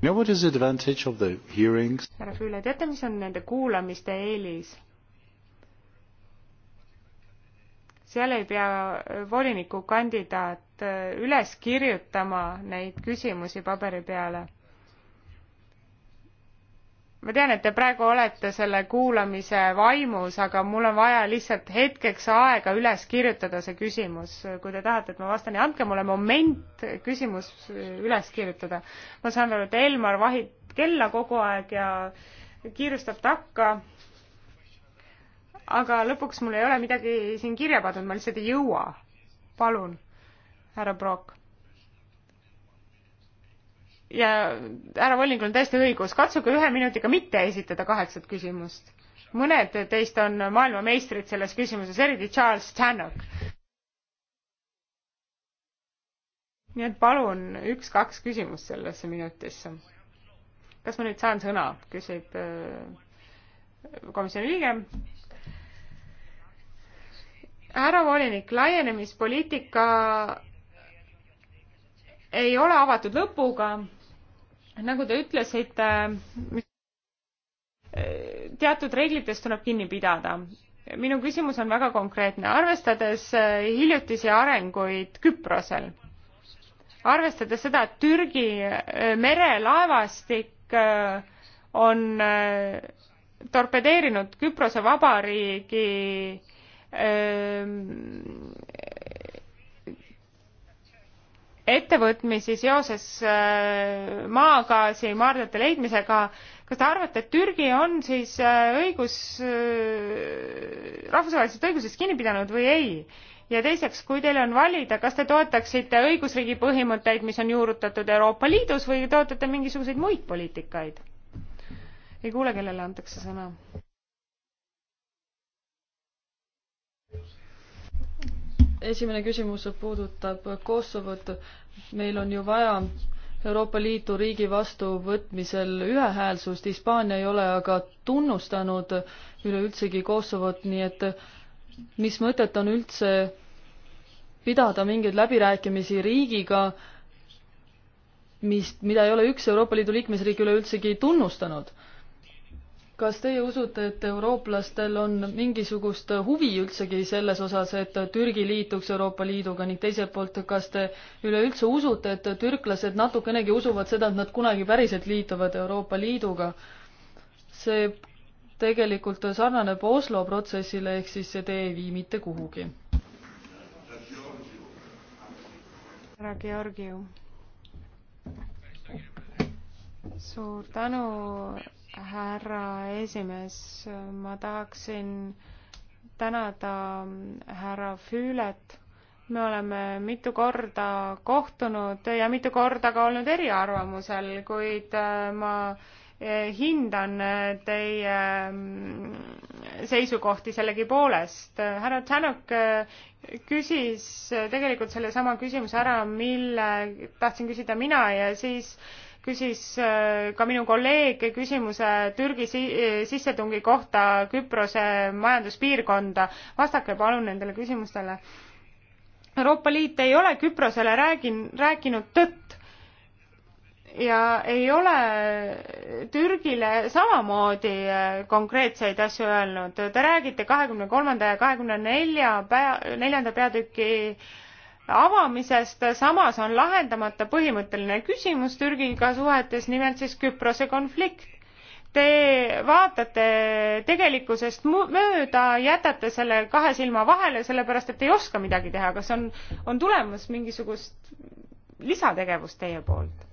You know what is the advantage of the hearings? härra Füüle, teate, mis on nende kuulamiste eelis? seal ei pea volinikukandidaat äh, üles kirjutama neid küsimusi paberi peale ma tean, et te praegu olete selle kuulamise vaimus, aga mul on vaja lihtsalt hetkeks aega üles kirjutada see küsimus. kui te tahate, et ma vastan, andke mulle moment küsimus üles kirjutada. ma saan aru, et Elmar vahib kella kogu aeg ja kiirustab takka. aga lõpuks mul ei ole midagi siin kirja pandud, ma lihtsalt ei jõua. palun, härra Brock ja härra Vollingul on täiesti õigus, katsuge ühe minutiga mitte esitada kaheksat küsimust. mõned teist on maailmameistrid selles küsimuses, eriti Charles Tannock. nii et palun üks-kaks küsimust sellesse minutisse. kas ma nüüd saan sõna, küsib äh, komisjoni liige. härra volinik, laienemispoliitika ei ole avatud lõpuga nagu te ütlesite, teatud reeglitest tuleb kinni pidada. minu küsimus on väga konkreetne, arvestades äh, hiljutisi arenguid Küprosel, arvestades seda, et Türgi äh, merelaevastik äh, on torpedeerinud Küprose Vabariigi ähm, ettevõtmisi seoses äh, maagaasi maardlate leidmisega. kas te arvate, et Türgi on siis äh, õigus, äh, rahvusvahelisest õigusest kinni pidanud või ei? ja teiseks, kui teil on valida, kas te toetaksite õigusriigi põhimõtteid, mis on juurutatud Euroopa Liidus või toetate mingisuguseid muid poliitikaid? ei kuule, kellele antakse sõna esimene küsimus puudutab Kosovot. meil on ju vaja Euroopa Liitu riigi vastuvõtmisel ühehäälsust, Hispaania ei ole aga tunnustanud üleüldsegi Kosovot, nii et mis mõtet on üldse pidada mingeid läbirääkimisi riigiga, mis, mida ei ole üks Euroopa Liidu liikmesriik üleüldsegi tunnustanud kas teie usute, et eurooplastel on mingisugust huvi üldsegi selles osas, et Türgi liituks Euroopa Liiduga ning teiselt poolt, kas te üleüldse usute, et türklased natukenegi usuvad seda, et nad kunagi päriselt liituvad Euroopa Liiduga? see tegelikult sarnaneb Oslo protsessile, ehk siis see tee ei vii mitte kuhugi. härra Georgiu. suur tänu härra esimees, ma tahaksin tänada härra Füület. me oleme mitu korda kohtunud ja mitu korda ka olnud eriarvamusel, kuid äh, ma äh, hindan äh, teie mm, seisukohti sellegipoolest. härra Tšanok küsis tegelikult sellesama küsimuse ära, mille tahtsin küsida mina ja siis äh, küsis äh, ka minu kolleeg küsimuse Türgi äh, sissetungi kohta Küprose majanduspiirkonda. vastake palun nendele küsimustele. Euroopa Liit ei ole Küprosele räägin, rääkinud tõtt ja ei ole Türgile samamoodi äh, konkreetseid asju öelnud. Te räägite kahekümne kolmanda ja kahekümne nelja pea, neljanda peatüki äh, avamisest, samas on lahendamata põhimõtteline küsimus Türgiga suhetes, nimelt siis Küprose konflikt. Te vaatate tegelikkusest mööda, jätate selle kahe silma vahele, sellepärast et ei oska midagi teha. kas on, on tulemas mingisugust lisategevust teie poolt?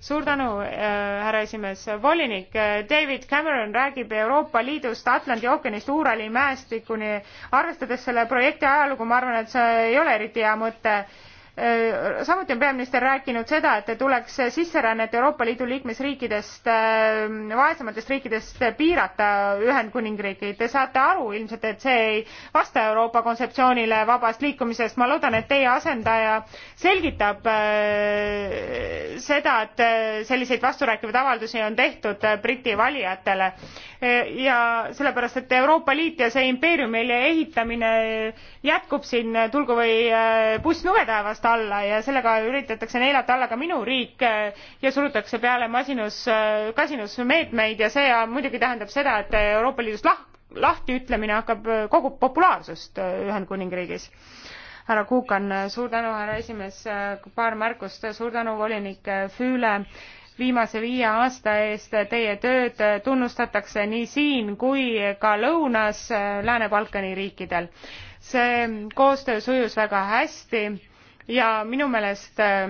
suur tänu äh, härra esimees volinik äh, david cameron räägib euroopa liidust atlandi ookeanist uurali mäestikuni arvestades selle projekti ajalugu ma arvan et see ei ole eriti hea mõte. Äh, samuti on peaminister rääkinud seda et tuleks sisserännet euroopa liidu liikmesriikidest äh, vaesematest riikidest piirata ühendkuningriigi te saate aru ilmselt et see ei vasta euroopa kontseptsioonile vabast liikumisest ma loodan et teie asendaja selgitab äh, seda et selliseid vasturääkivaid avaldusi on tehtud briti valijatele ja sellepärast et euroopa liit ja see impeeriumi ehitamine jätkub siin tulgu või buss nue taevast jalast alla ja sellega üritatakse neelata alla ka minu riik eh, ja surutakse peale masinus eh, kasinusmeetmeid ja see muidugi tähendab seda et euroopa liidust lah- lahtiütlemine hakkab eh, kogub populaarsust ühendkuningriigis härra kukan suur tänu härra esimees paar märkust suur tänu volinik füüle viimase viie aasta eest teie tööd tunnustatakse nii siin kui ka lõunas lääne balkani riikidel see koostöö sujus väga hästi ja minu meelest äh,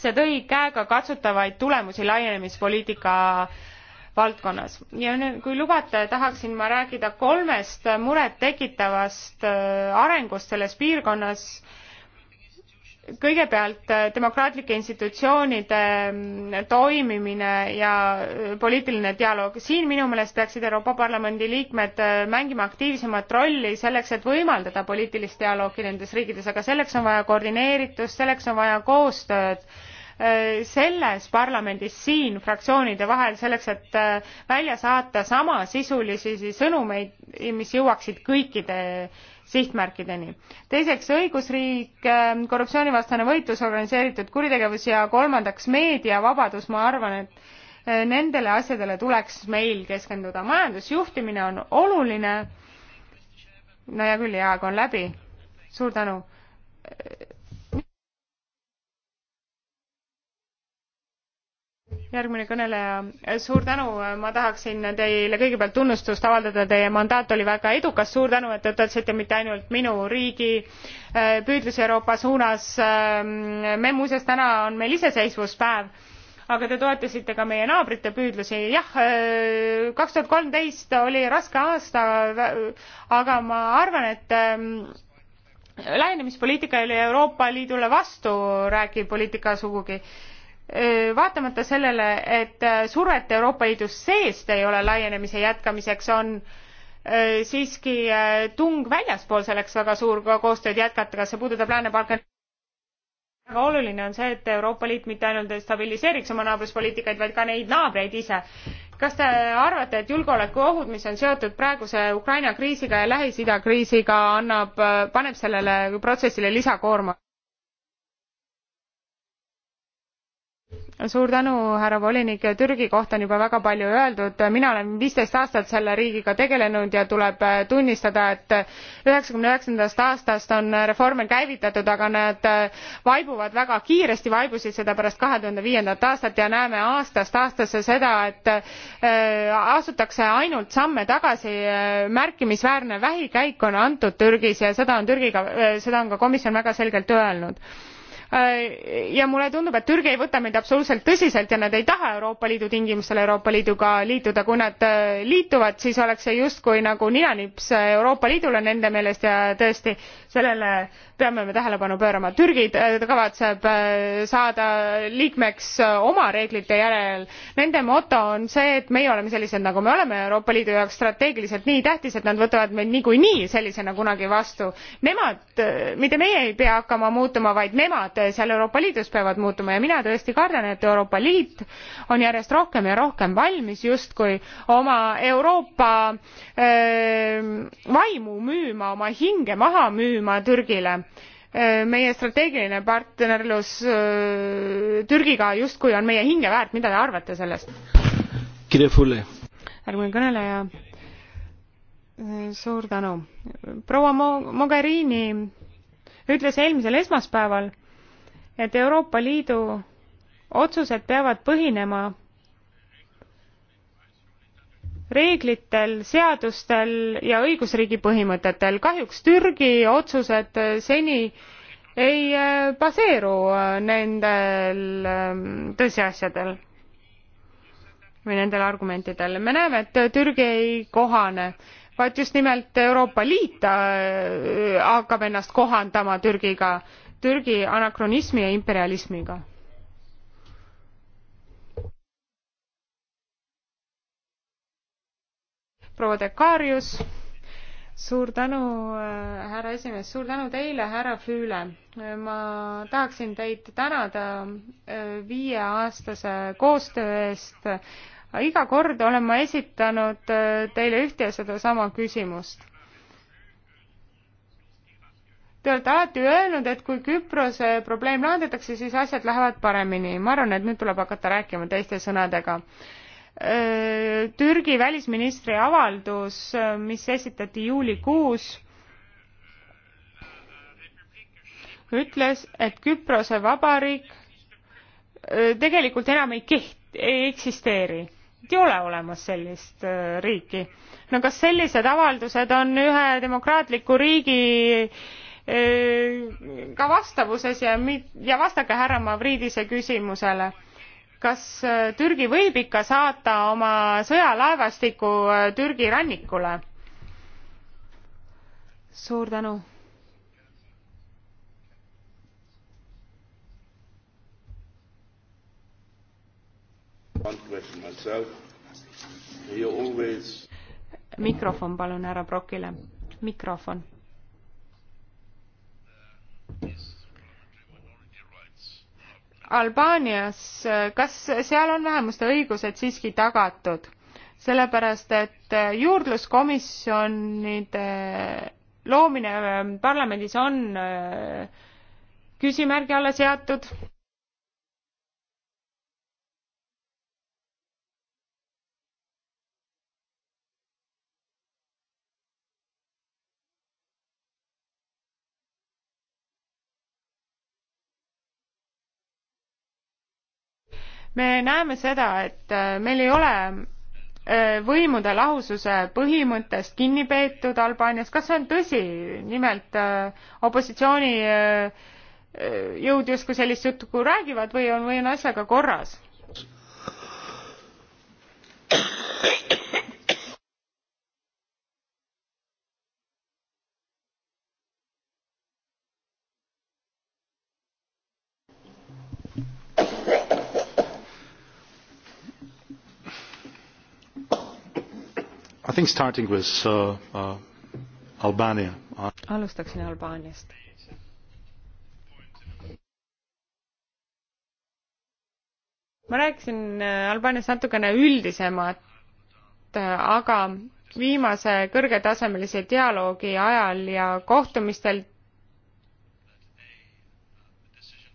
see tõi käegakatsutavaid tulemusi laienemispoliitika valdkonnas ja nüüd kui lubate tahaksin ma rääkida kolmest murettekitavast äh, arengust selles piirkonnas kõigepealt äh, demokraatlike institutsioonide mm, toimimine ja äh, poliitiline dialoog siin minu meelest peaksid euroopa parlamendi liikmed äh, mängima aktiivsemat rolli selleks et võimaldada poliitilist dialoogi nendes riikides aga selleks on vaja koordineeritust selleks on vaja koostööd selles parlamendis siin fraktsioonide vahel selleks et välja saata samasisulisi sõnumeid mis jõuaksid kõikide sihtmärkideni. teiseks õigusriik, ähm, korruptsioonivastane võitlus, organiseeritud kuritegevus ja kolmandaks meediavabadus, ma arvan, et äh, nendele asjadele tuleks meil keskenduda. majandusjuhtimine on oluline. no hea küll, jaaga on läbi. suur tänu. Äh, järgmine kõneleja, suur tänu, ma tahaksin teile kõigepealt tunnustust avaldada, teie mandaat oli väga edukas, suur tänu, et te toetasite mitte ainult minu riigi äh, püüdlusi Euroopa suunas, ähm, me muuseas, täna on meil iseseisvuspäev, aga te toetasite ka meie naabrite püüdlusi, jah, äh, kaks tuhat kolmteist oli raske aasta, aga ma arvan, et ähm, lähenemispoliitika ei ole Euroopa Liidule vastu rääkiv poliitika sugugi vaatamata sellele, et äh, survet Euroopa Liidu seest ei ole laienemise jätkamiseks, on äh, siiski äh, tung väljaspool selleks väga suur, ka koostööd jätkata, kas see puudutab Lääne-Balkanit? väga oluline on see, et Euroopa Liit mitte ainult ei stabiliseeriks oma naabruspoliitikaid, vaid ka neid naabreid ise. kas te arvate, et julgeolekuohud, mis on seotud praeguse Ukraina kriisiga ja Lähis-Ida kriisiga, annab, paneb sellele protsessile lisakoorma? suur tänu härra volinik türgi kohta on juba väga palju öeldud mina olen viisteist aastat selle riigiga tegelenud ja tuleb äh, tunnistada et üheksakümne üheksandast aastast on äh, reforme käivitatud aga nad äh, vaibuvad väga kiiresti vaibusid seda pärast kahe tuhande viiendat aastat ja näeme aastast aastasse seda et astutakse ainult samme tagasi märkimisväärne vähikäik on antud türgis ja seda on türgiga seda on ka komisjon väga selgelt öelnud Äh, ja mulle tundub et türgi ei võta meid absoluutselt tõsiselt ja nad ei taha euroopa liidu tingimustel euroopa liiduga liituda kui nad äh, liituvad siis oleks see justkui nagu ninanips euroopa liidule nende meelest ja tõesti sellele peame me tähelepanu pöörama. Türgi äh, kavatseb äh, saada liikmeks äh, oma reeglite järel. Nende moto on see, et meie oleme sellised, nagu me oleme Euroopa Liidu jaoks strateegiliselt nii tähtis, et nad võtavad meid niikuinii sellisena kunagi vastu. Nemad, mitte meie ei pea hakkama muutuma, vaid nemad seal Euroopa Liidus peavad muutuma ja mina tõesti kardan, et Euroopa Liit on järjest rohkem ja rohkem valmis justkui oma Euroopa öö, vaimu müüma, oma hinge maha müüma Türgile Äh, meie strateegiline partnerlus äh, Türgiga justkui on meie hinge väärt, mida te arvate sellest? järgmine kõneleja. Äh, suur tänu. proua Mo-, Mogherini ütles eelmisel esmaspäeval, et Euroopa Liidu otsused peavad põhinema reeglitel, seadustel ja õigusriigi põhimõtetel. kahjuks Türgi otsused seni ei äh, baseeru äh, nendel ähm, tõsiasjadel või nendel argumentidel. me näeme, et Türgi ei kohane, vaid just nimelt Euroopa Liit äh, hakkab ennast kohandama Türgiga, Türgi anakronismi ja imperialismiga proua Dekarius, suur tänu, äh, härra esimees, suur tänu teile, härra Füüle. ma tahaksin teid tänada äh, viieaastase koostöö eest. iga kord olen ma esitanud äh, teile ühte ja sedasama küsimust Te olete alati öelnud, et kui Küprose probleem lahendatakse, siis asjad lähevad paremini. ma arvan, et nüüd tuleb hakata rääkima teiste sõnadega. Äh, Türgi välisministri avaldus, äh, mis esitati juulikuus, ütles, et Küprose vabariik äh, tegelikult enam ei keht-, ei eksisteeri. ei ole olemas sellist riiki. no kas sellised avaldused on ühe demokraatliku riigi ka vastavuses ja mi- ja vastake härra Mavridise küsimusele kas äh, Türgi võib ikka saata oma sõjalaevastiku äh, Türgi rannikule? suur tänu. Always... mikrofon palun härra Brokile, mikrofon yes Albaanias, kas seal on vähemuste õigused siiski tagatud? sellepärast, et juurdluskomisjonide loomine ähm, parlamendis on äh, küsimärgi alla seatud me näeme seda, et äh, meil ei ole äh, võimude lahususe põhimõttest kinni peetud Albaanias, kas see on tõsi, nimelt äh, opositsiooni jõud justkui sellist juttu räägivad või on, või on asjaga korras? I think starting with uh, uh, Albania. alustaksin Albaaniast. ma rääkisin äh, Albaaniast natukene üldisemat, äh, aga viimase kõrgetasemelise dialoogi ajal ja kohtumistel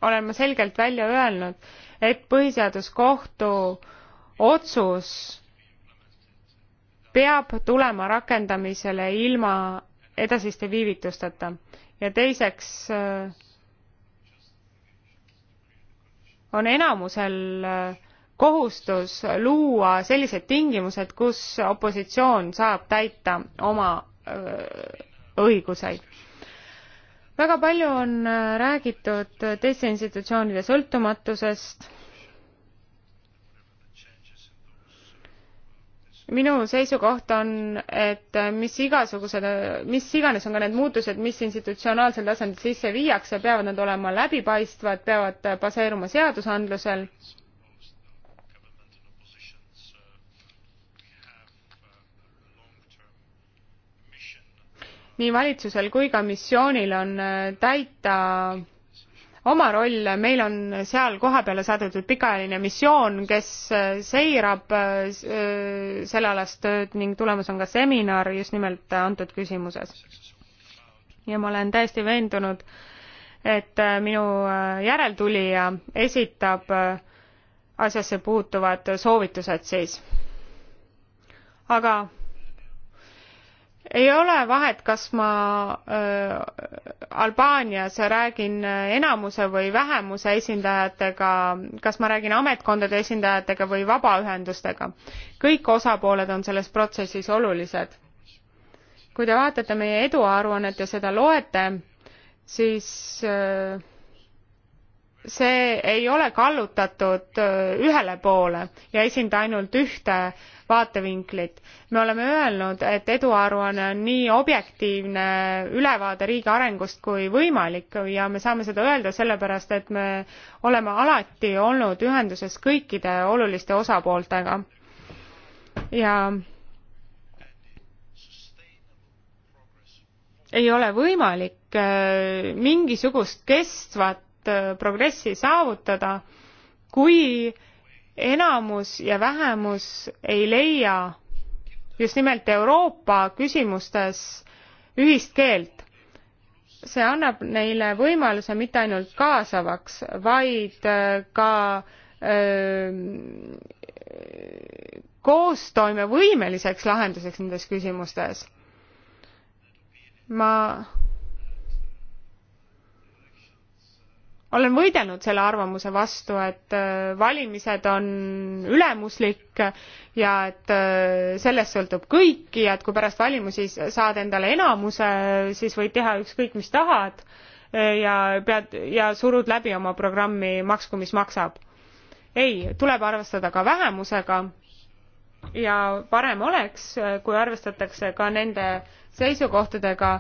olen ma selgelt välja öelnud, et põhiseaduskohtu otsus peab tulema rakendamisele ilma edasiste viivitusteta ja teiseks äh, on enamusel äh, kohustus luua sellised tingimused kus opositsioon saab täita oma äh, õiguseid väga palju on räägitud teiste institutsioonide sõltumatusest minu seisukoht on, et mis igasugused, mis iganes on ka need muutused, mis institutsionaalsel tasandil sisse viiakse, peavad nad olema läbipaistvad, peavad baseeruma seadusandlusel. nii valitsusel kui ka missioonil on täita oma roll, meil on seal kohapeale saadetud pikaajaline missioon, kes äh, seirab äh, äh, sellealast tööd ning tulemas on ka seminar just nimelt antud küsimuses. ja ma olen täiesti veendunud, et minu järeltulija esitab asjasse puutuvad soovitused siis. aga ei ole vahet, kas ma äh, Albaanias räägin enamuse või vähemuse esindajatega, kas ma räägin ametkondade esindajatega või vabaühendustega. kõik osapooled on selles protsessis olulised. kui te vaatate meie eduaruannet ja seda loete, siis äh, see ei ole kallutatud ühele poole ja esinda ainult ühte äh, vaatevinklit. me oleme öelnud, et eduaruanne on nii objektiivne ülevaade riigi arengust kui võimalik ja me saame seda öelda sellepärast, et me oleme alati olnud ühenduses kõikide oluliste osapooltega. ja ei ole võimalik äh, mingisugust kestvat äh, progressi saavutada, kui enamus ja vähemus ei leia just nimelt Euroopa küsimustes ühist keelt. see annab neile võimaluse mitte ainult kaasavaks, vaid äh, ka öö, ähm, koostoimevõimeliseks lahenduseks nendes küsimustes. ma olen võidelnud selle arvamuse vastu, et äh, valimised on ülemuslik ja et äh, sellest sõltub kõik ja et kui pärast valimisi saad endale enamuse, siis võid teha ükskõik, mis tahad äh, ja pead ja surud läbi oma programmi maksku, mis maksab. ei, tuleb arvestada ka vähemusega ja parem oleks, kui arvestatakse ka nende seisukohtadega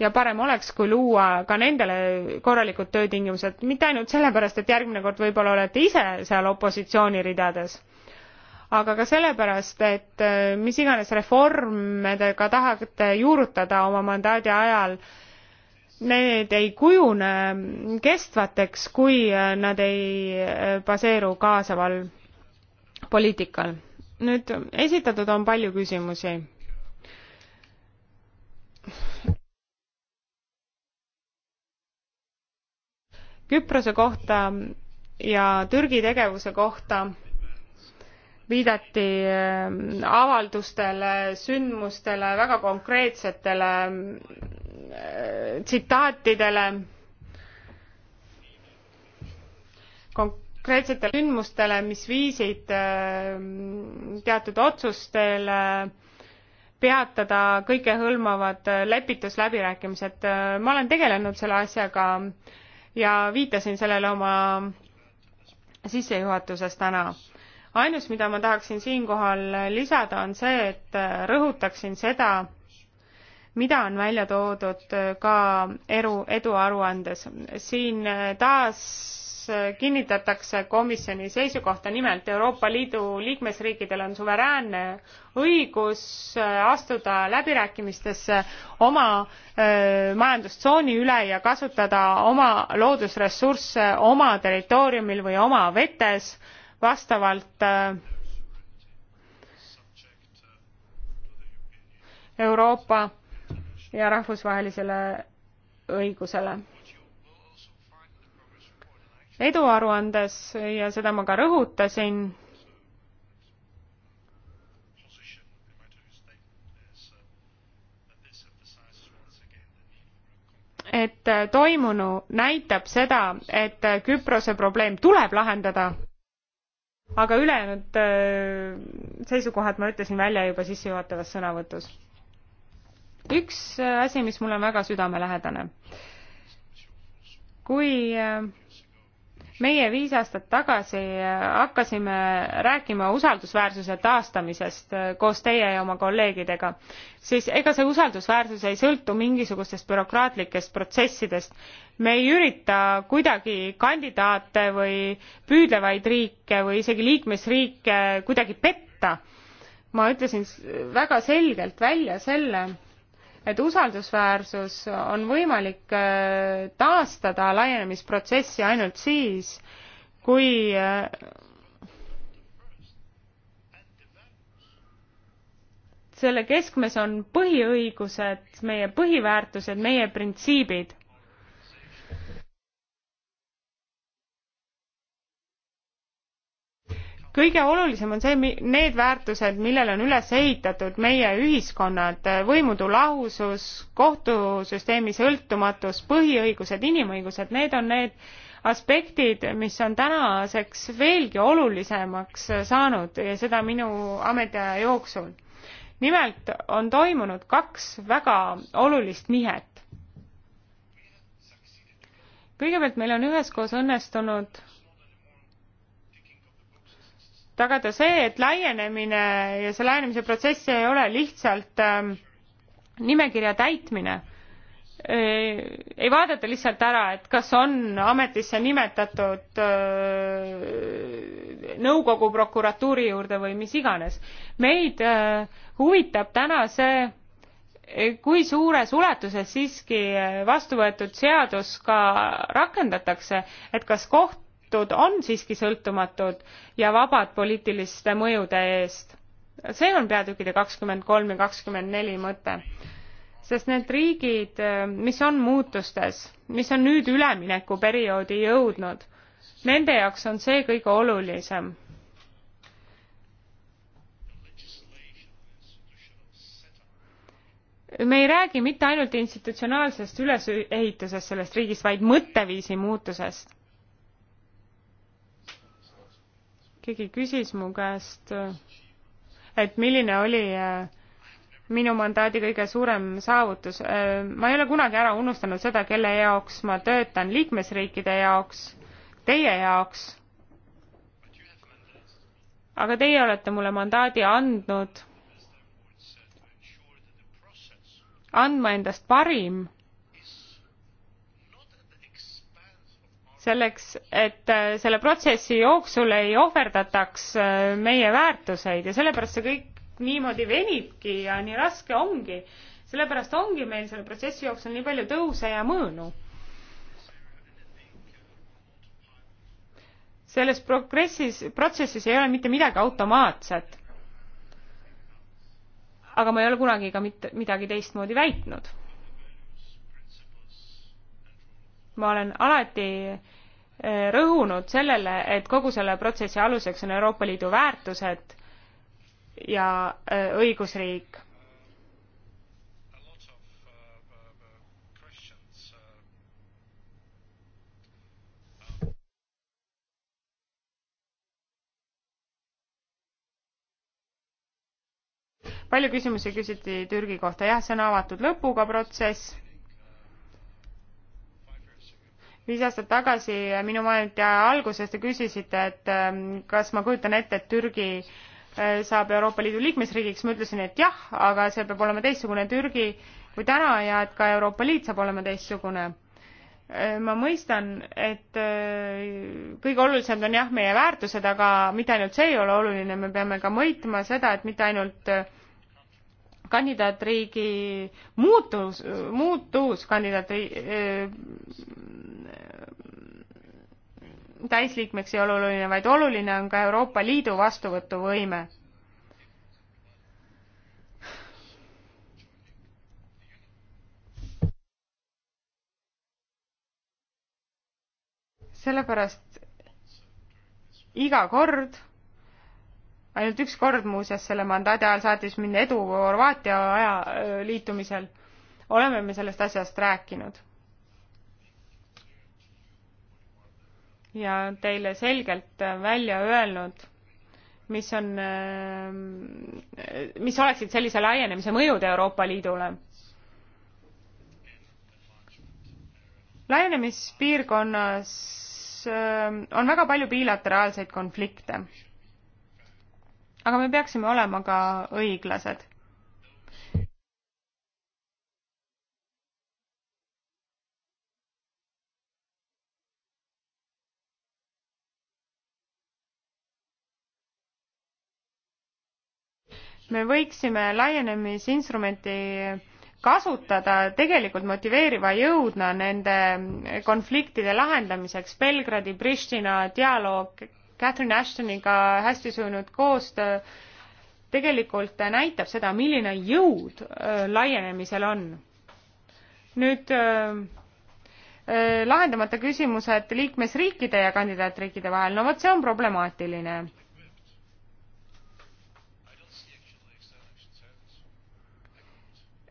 ja parem oleks, kui luua ka nendele korralikud töötingimused, mitte ainult sellepärast, et järgmine kord võib-olla olete ise seal opositsiooni ridades, aga ka sellepärast, et äh, mis iganes reforme te ka tahate juurutada oma mandaadi ajal, need ei kujune kestvateks, kui äh, nad ei äh, baseeru kaasaval poliitikal. nüüd esitatud on palju küsimusi Küprose kohta ja Türgi tegevuse kohta viidati ähm, avaldustele, sündmustele, väga konkreetsetele äh, tsitaatidele konkreetsetele sündmustele, mis viisid ähm, teatud otsustele peatada kõikehõlmavad äh, lepitusläbirääkimised. Äh, ma olen tegelenud selle asjaga ja viitasin sellele oma sissejuhatuses täna. ainus, mida ma tahaksin siinkohal lisada, on see, et rõhutaksin seda, mida on välja toodud ka eru, eduaruandes. siin taas kinnitatakse komisjoni seisukohta, nimelt Euroopa Liidu liikmesriikidel on suveräänne õigus äh, astuda läbirääkimistesse oma äh, majandustsooni üle ja kasutada oma loodusressursse oma territooriumil või oma vetes vastavalt äh, Euroopa ja rahvusvahelisele õigusele eduaruandes ja seda ma ka rõhutasin, et toimunu näitab seda, et Küprose probleem tuleb lahendada, aga ülejäänud äh, seisukohad ma ütlesin välja juba sissejuhatavas sõnavõtus. üks äh, asi, mis mulle on väga südamelähedane. kui äh, meie viis aastat tagasi äh, hakkasime rääkima usaldusväärsuse taastamisest äh, koos teie ja oma kolleegidega siis ega see usaldusväärsus ei sõltu mingisugustest bürokraatlikest protsessidest me ei ürita kuidagi kandidaate või püüdlevaid riike või isegi liikmesriike kuidagi petta ma ütlesin väga selgelt välja selle et usaldusväärsus on võimalik äh, taastada laienemisprotsessi ainult siis, kui äh, selle keskmes on põhiõigused, meie põhiväärtused, meie printsiibid kõige olulisem on see, need väärtused, millele on üles ehitatud meie ühiskonnad, võimude lahusus, kohtusüsteemi sõltumatus, põhiõigused, inimõigused, need on need aspektid, mis on tänaseks veelgi olulisemaks saanud ja seda minu ametiaja jooksul. nimelt on toimunud kaks väga olulist nihet. kõigepealt meil on üheskoos õnnestunud tagada see, et laienemine ja see laienemise protsess ei ole lihtsalt ähm, nimekirja täitmine ei vaadata lihtsalt ära, et kas on ametisse nimetatud äh, nõukogu prokuratuuri juurde või mis iganes. meid äh, huvitab täna see, kui suures ulatuses siiski äh, vastu võetud seadus ka rakendatakse, et kas koht liidud on siiski sõltumatud ja vabad poliitiliste mõjude eest. see on peatükkide kakskümmend kolm ja kakskümmend neli mõte. sest need riigid, mis on muutustes, mis on nüüd üleminekuperioodi jõudnud, nende jaoks on see kõige olulisem me ei räägi mitte ainult institutsionaalsest ülesehitusest sellest riigist vaid mõtteviisi muutusest keegi küsis mu käest, et milline oli äh, minu mandaadi kõige suurem saavutus. Äh, ma ei ole kunagi ära unustanud seda, kelle jaoks ma töötan, liikmesriikide jaoks, teie jaoks. aga teie olete mulle mandaadi andnud andma endast parim selleks, et äh, selle protsessi jooksul ei ohverdataks äh, meie väärtuseid ja sellepärast see kõik niimoodi venibki ja nii raske ongi. sellepärast ongi meil selle protsessi jooksul nii palju tõuse ja mõõnu. selles progressis, protsessis ei ole mitte midagi automaatset. aga ma ei ole kunagi ka mitte midagi teistmoodi väitnud ma olen alati eh, rõhunud sellele, et kogu selle protsessi aluseks on Euroopa Liidu väärtused ja eh, õigusriik. palju küsimusi küsiti Türgi kohta, jah, see on avatud lõpuga protsess viis aastat tagasi minu majandaja alguses te küsisite, et ähm, kas ma kujutan ette, et Türgi äh, saab Euroopa Liidu liikmesriigiks, ma ütlesin, et jah, aga see peab olema teistsugune Türgi kui täna ja et ka Euroopa Liit saab olema teistsugune. Äh, ma mõistan, et äh, kõige olulisemad on jah, meie väärtused, aga mitte ainult see ei ole oluline, me peame ka mõõtma seda, et mitte ainult kandidaatriigi muutus, muutus kandidaatri täisliikmeks ei ole oluline, vaid oluline on ka Euroopa Liidu vastuvõtuvõime. sellepärast iga kord, ainult üks kord muuseas selle mandaadi ajal saatis mind edu Horvaatia aja liitumisel, oleme me sellest asjast rääkinud ja teile selgelt välja öelnud, mis on, mis oleksid sellise laienemise mõjud Euroopa Liidule. laienemispiirkonnas ähm, on väga palju bilateraalseid konflikte. aga me peaksime olema ka õiglased me võiksime laienemisinstrumenti kasutada tegelikult motiveeriva jõudna nende konfliktide lahendamiseks. Belgradi, Pristina dialoog, Catherine Ashtoniga hästi sujunud koostöö tegelikult näitab seda, milline jõud äh, laienemisel on. nüüd äh, äh, lahendamata küsimused liikmesriikide ja kandidaatriikide vahel, no vot see on problemaatiline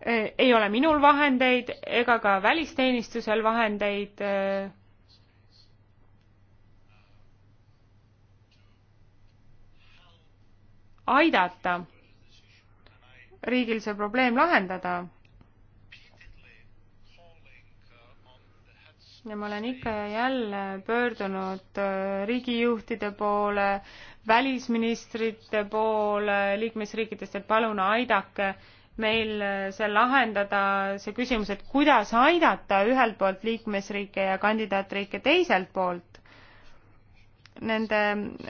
Äh, ei ole minul vahendeid ega ka välisteenistusel vahendeid äh, aidata riigil see probleem lahendada. ja ma olen ikka ja jälle pöördunud äh, riigijuhtide poole, välisministrite poole liikmesriikidest, et palun aidake äh, meil äh, see lahendada, see küsimus, et kuidas aidata ühelt poolt liikmesriike ja kandidaatriike teiselt poolt nende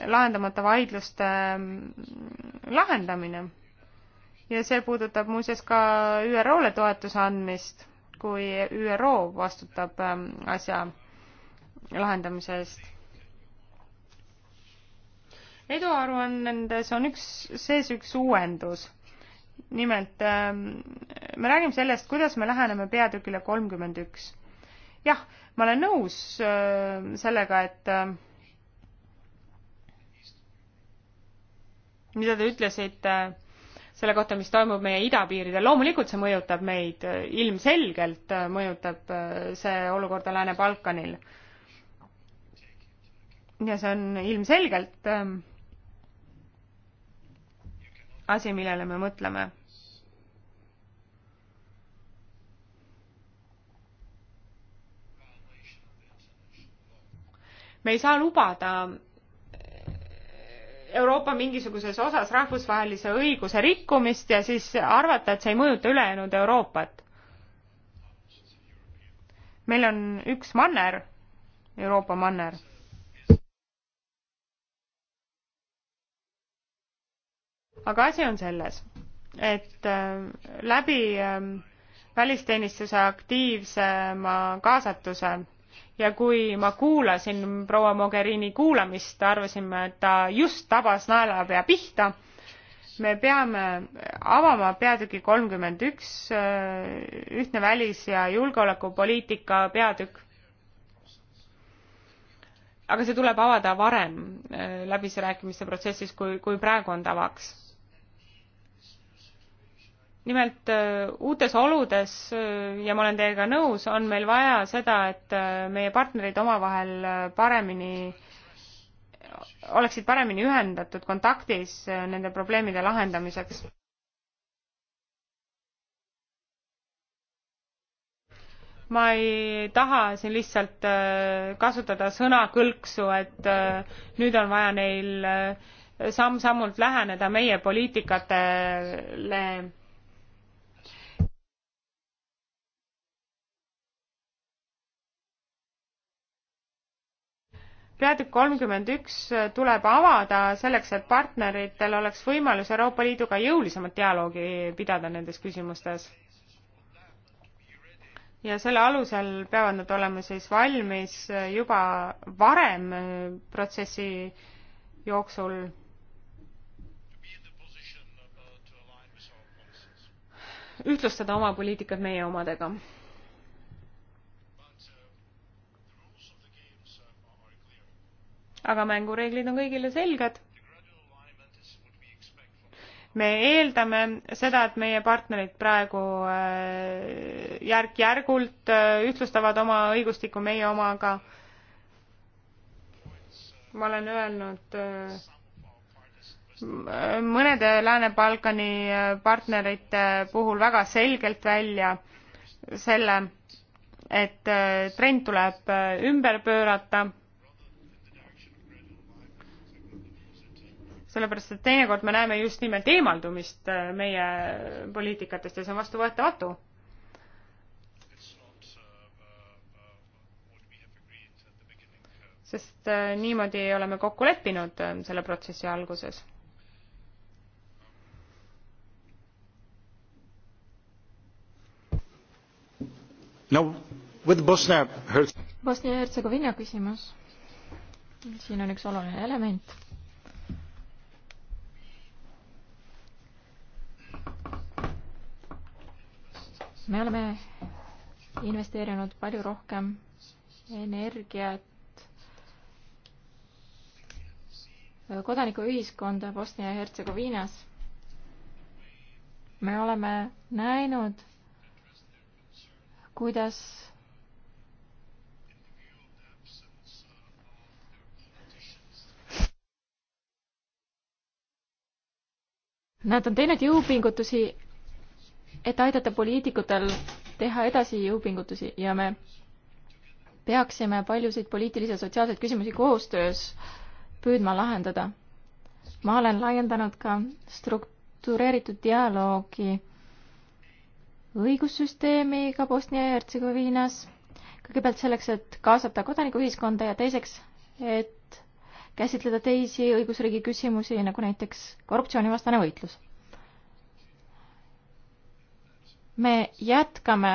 lahendamata vaidluste mm, lahendamine. ja see puudutab muuseas ka ÜRO-le toetuse andmist, kui ÜRO vastutab ähm, asja lahendamise eest eduaruandes on üks, sees üks uuendus nimelt ähm, me räägime sellest, kuidas me läheneme peatükile kolmkümmend üks. jah, ma olen nõus äh, sellega, et äh, mida te ütlesite äh, selle kohta, mis toimub meie idapiiridel, loomulikult see mõjutab meid, ilmselgelt mõjutab see olukorda Lääne-Balkanil. ja see on ilmselgelt ähm, asi, millele me mõtleme. me ei saa lubada Euroopa mingisuguses osas rahvusvahelise õiguse rikkumist ja siis arvata, et see ei mõjuta ülejäänud Euroopat. meil on üks manner, Euroopa manner aga asi on selles, et äh, läbi ähm, välisteenistuse aktiivsema kaasatuse ja kui ma kuulasin proua Mogherini kuulamist, arvasime, et ta just tabas naelapea pihta. me peame avama peatüki kolmkümmend üks, äh, ühtne välis- ja julgeolekupoliitika peatükk. aga see tuleb avada varem äh, läbisrääkimiste protsessis, kui, kui praegu on tavaks nimelt äh, uutes oludes äh, ja ma olen teiega nõus, on meil vaja seda, et äh, meie partnerid omavahel paremini, oleksid paremini ühendatud kontaktis nende probleemide lahendamiseks. ma ei taha siin lihtsalt kasutada sõnakõlksu, et nüüd on vaja neil samm-sammult läheneda meie poliitikatele peatükk kolmkümmend üks äh, tuleb avada selleks, et partneritel oleks võimalus Euroopa Liiduga jõulisemat dialoogi pidada nendes küsimustes. ja selle alusel peavad nad olema siis valmis äh, juba varem äh, protsessi jooksul ühtlustada oma poliitikat meie omadega aga mängureeglid on kõigile selged. me eeldame seda, et meie partnerid praegu äh, järk-järgult äh, ühtlustavad oma õigustikku meie omaga. ma olen öelnud äh, mõnede Lääne-Balkani partnerite puhul väga selgelt välja selle, et trend tuleb ümber pöörata sellepärast, et teinekord me näeme just nimelt eemaldumist äh, meie poliitikatest ja see on vastuvõetamatu. sest äh, niimoodi oleme kokku leppinud äh, selle protsessi alguses. no with Bosnia-Herzegovina küsimus. siin on üks oluline element me oleme investeerinud palju rohkem energiat kodanikuühiskonda Bosnia ja Hertsegoviinas. me oleme näinud, kuidas Nad on teinud jõupingutusi et aidata poliitikutel teha edasi jõupingutusi ja me peaksime paljusid poliitilisi ja sotsiaalseid küsimusi koostöös püüdma lahendada. ma olen laiendanud ka struktureeritud dialoogi õigussüsteemiga Bosnia ja Hertsegoviinas, kõigepealt selleks, et kaasata kodanikuühiskonda ja teiseks, et käsitleda teisi õigusriigi küsimusi, nagu näiteks korruptsioonivastane võitlus me jätkame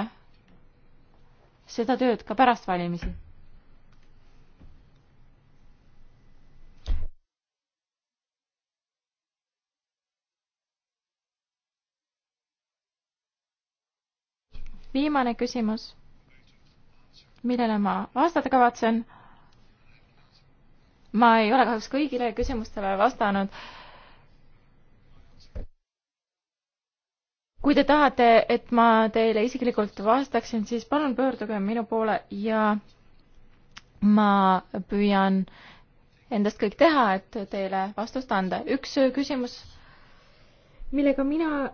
seda tööd ka pärast valimisi. viimane küsimus, millele ma vastata kavatsen. ma ei ole kahjuks kõigile küsimustele vastanud kui te tahate, et ma teile isiklikult vastaksin, siis palun pöörduge minu poole ja ma püüan endast kõik teha, et teile vastust anda. üks küsimus, millega mina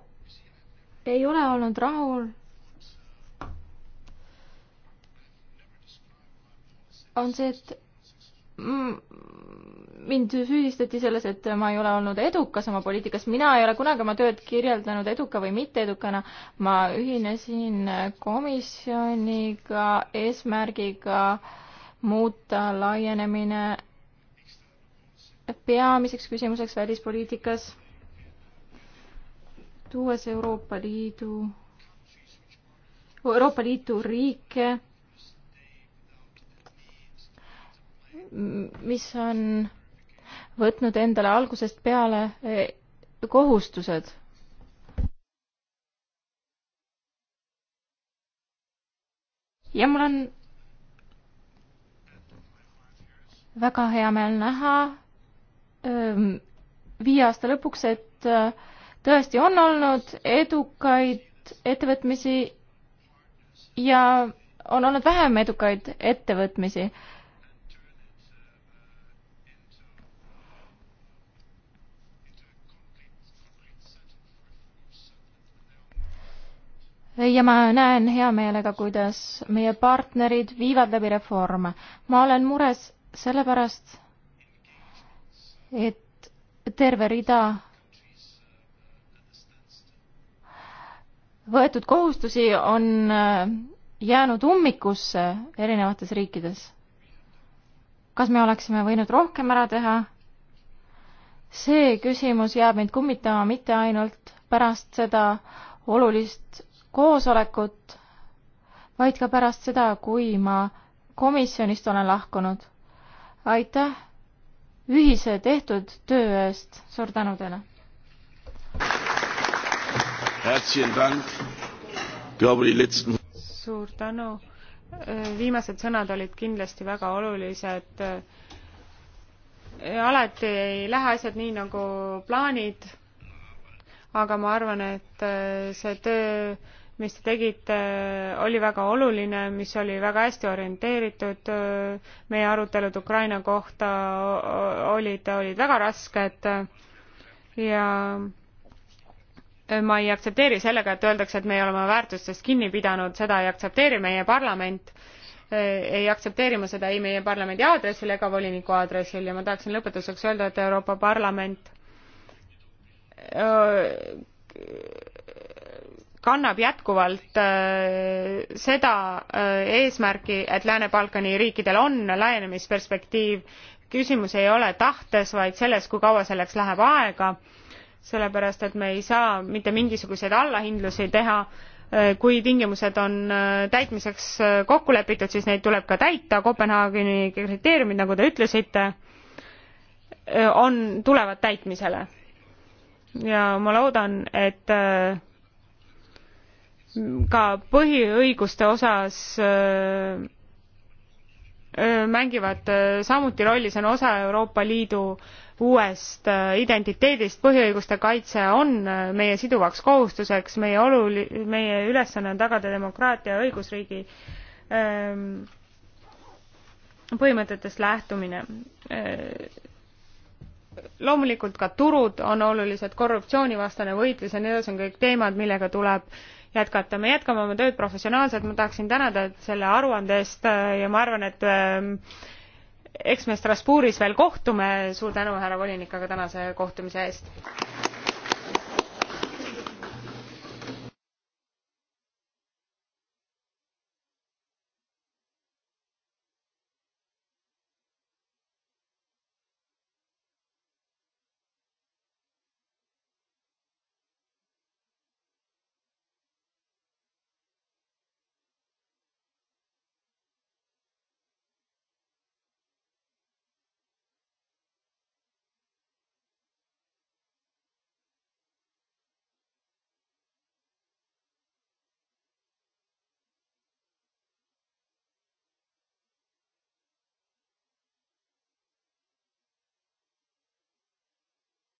ei ole olnud rahul, on see, et Mm, mind süüdistati selles, et ma ei ole olnud edukas oma poliitikas, mina ei ole kunagi oma tööd kirjeldanud eduka või mitteedukana. ma ühinesin komisjoniga eesmärgiga muuta laienemine peamiseks küsimuseks välispoliitikas, tuues Euroopa Liidu, Euroopa Liitu riike mis on võtnud endale algusest peale e, kohustused. ja mul on väga hea meel näha viie aasta lõpuks, et tõesti on olnud edukaid ettevõtmisi ja on olnud vähem edukaid ettevõtmisi ja ma näen hea meelega, kuidas meie partnerid viivad läbi reforme. ma olen mures sellepärast, et terve rida võetud kohustusi on äh, jäänud ummikusse erinevates riikides. kas me oleksime võinud rohkem ära teha? see küsimus jääb mind kummitama mitte ainult pärast seda olulist koosolekut, vaid ka pärast seda, kui ma komisjonist olen lahkunud. aitäh ühise tehtud töö eest, suur tänu teile! suur tänu! Äh, viimased sõnad olid kindlasti väga olulised. Äh, alati ei lähe asjad nii, nagu plaanid, aga ma arvan, et äh, see töö mis te tegite, oli väga oluline, mis oli väga hästi orienteeritud. Äh, meie arutelud Ukraina kohta olid, olid väga rasked ja ma ei aktsepteeri sellega, et öeldakse, et meie oleme väärtustest kinni pidanud, seda ei aktsepteeri meie parlament. Äh, ei aktsepteeri ma seda ei meie parlamendi aadressil ega voliniku aadressil ja ma tahaksin lõpetuseks öelda, et Euroopa Parlament öö, äh, kannab jätkuvalt äh, seda äh, eesmärki, et Lääne-Balkani riikidel on laienemisperspektiiv. küsimus ei ole tahtes, vaid selles, kui kaua selleks läheb aega, sellepärast et me ei saa mitte mingisuguseid allahindlusi teha äh,. kui tingimused on äh, täitmiseks äh, kokku lepitud, siis neid tuleb ka täita, Kopenhaageni kriteeriumid, nagu te ütlesite, äh, on, tulevad täitmisele. ja ma loodan, et äh, ka põhiõiguste osas äh, äh, mängivad äh, samuti rolli, see on osa Euroopa Liidu uuest identiteedist, põhiõiguste kaitse on meie siduvaks kohustuseks, meie oluli-, meie ülesanne on tagada demokraatia ja õigusriigi ähm, põhimõtetest lähtumine. loomulikult ka turud on olulised, korruptsioonivastane võitlus ja need on kõik teemad, millega tuleb äh, jätkata. me jätkame oma tööd professionaalselt, ma tahaksin tänada selle aruande eest äh, ja ma arvan, et ähm, eks me Strasbourgis veel kohtume, suur tänu, härra volinik, aga tänase kohtumise eest!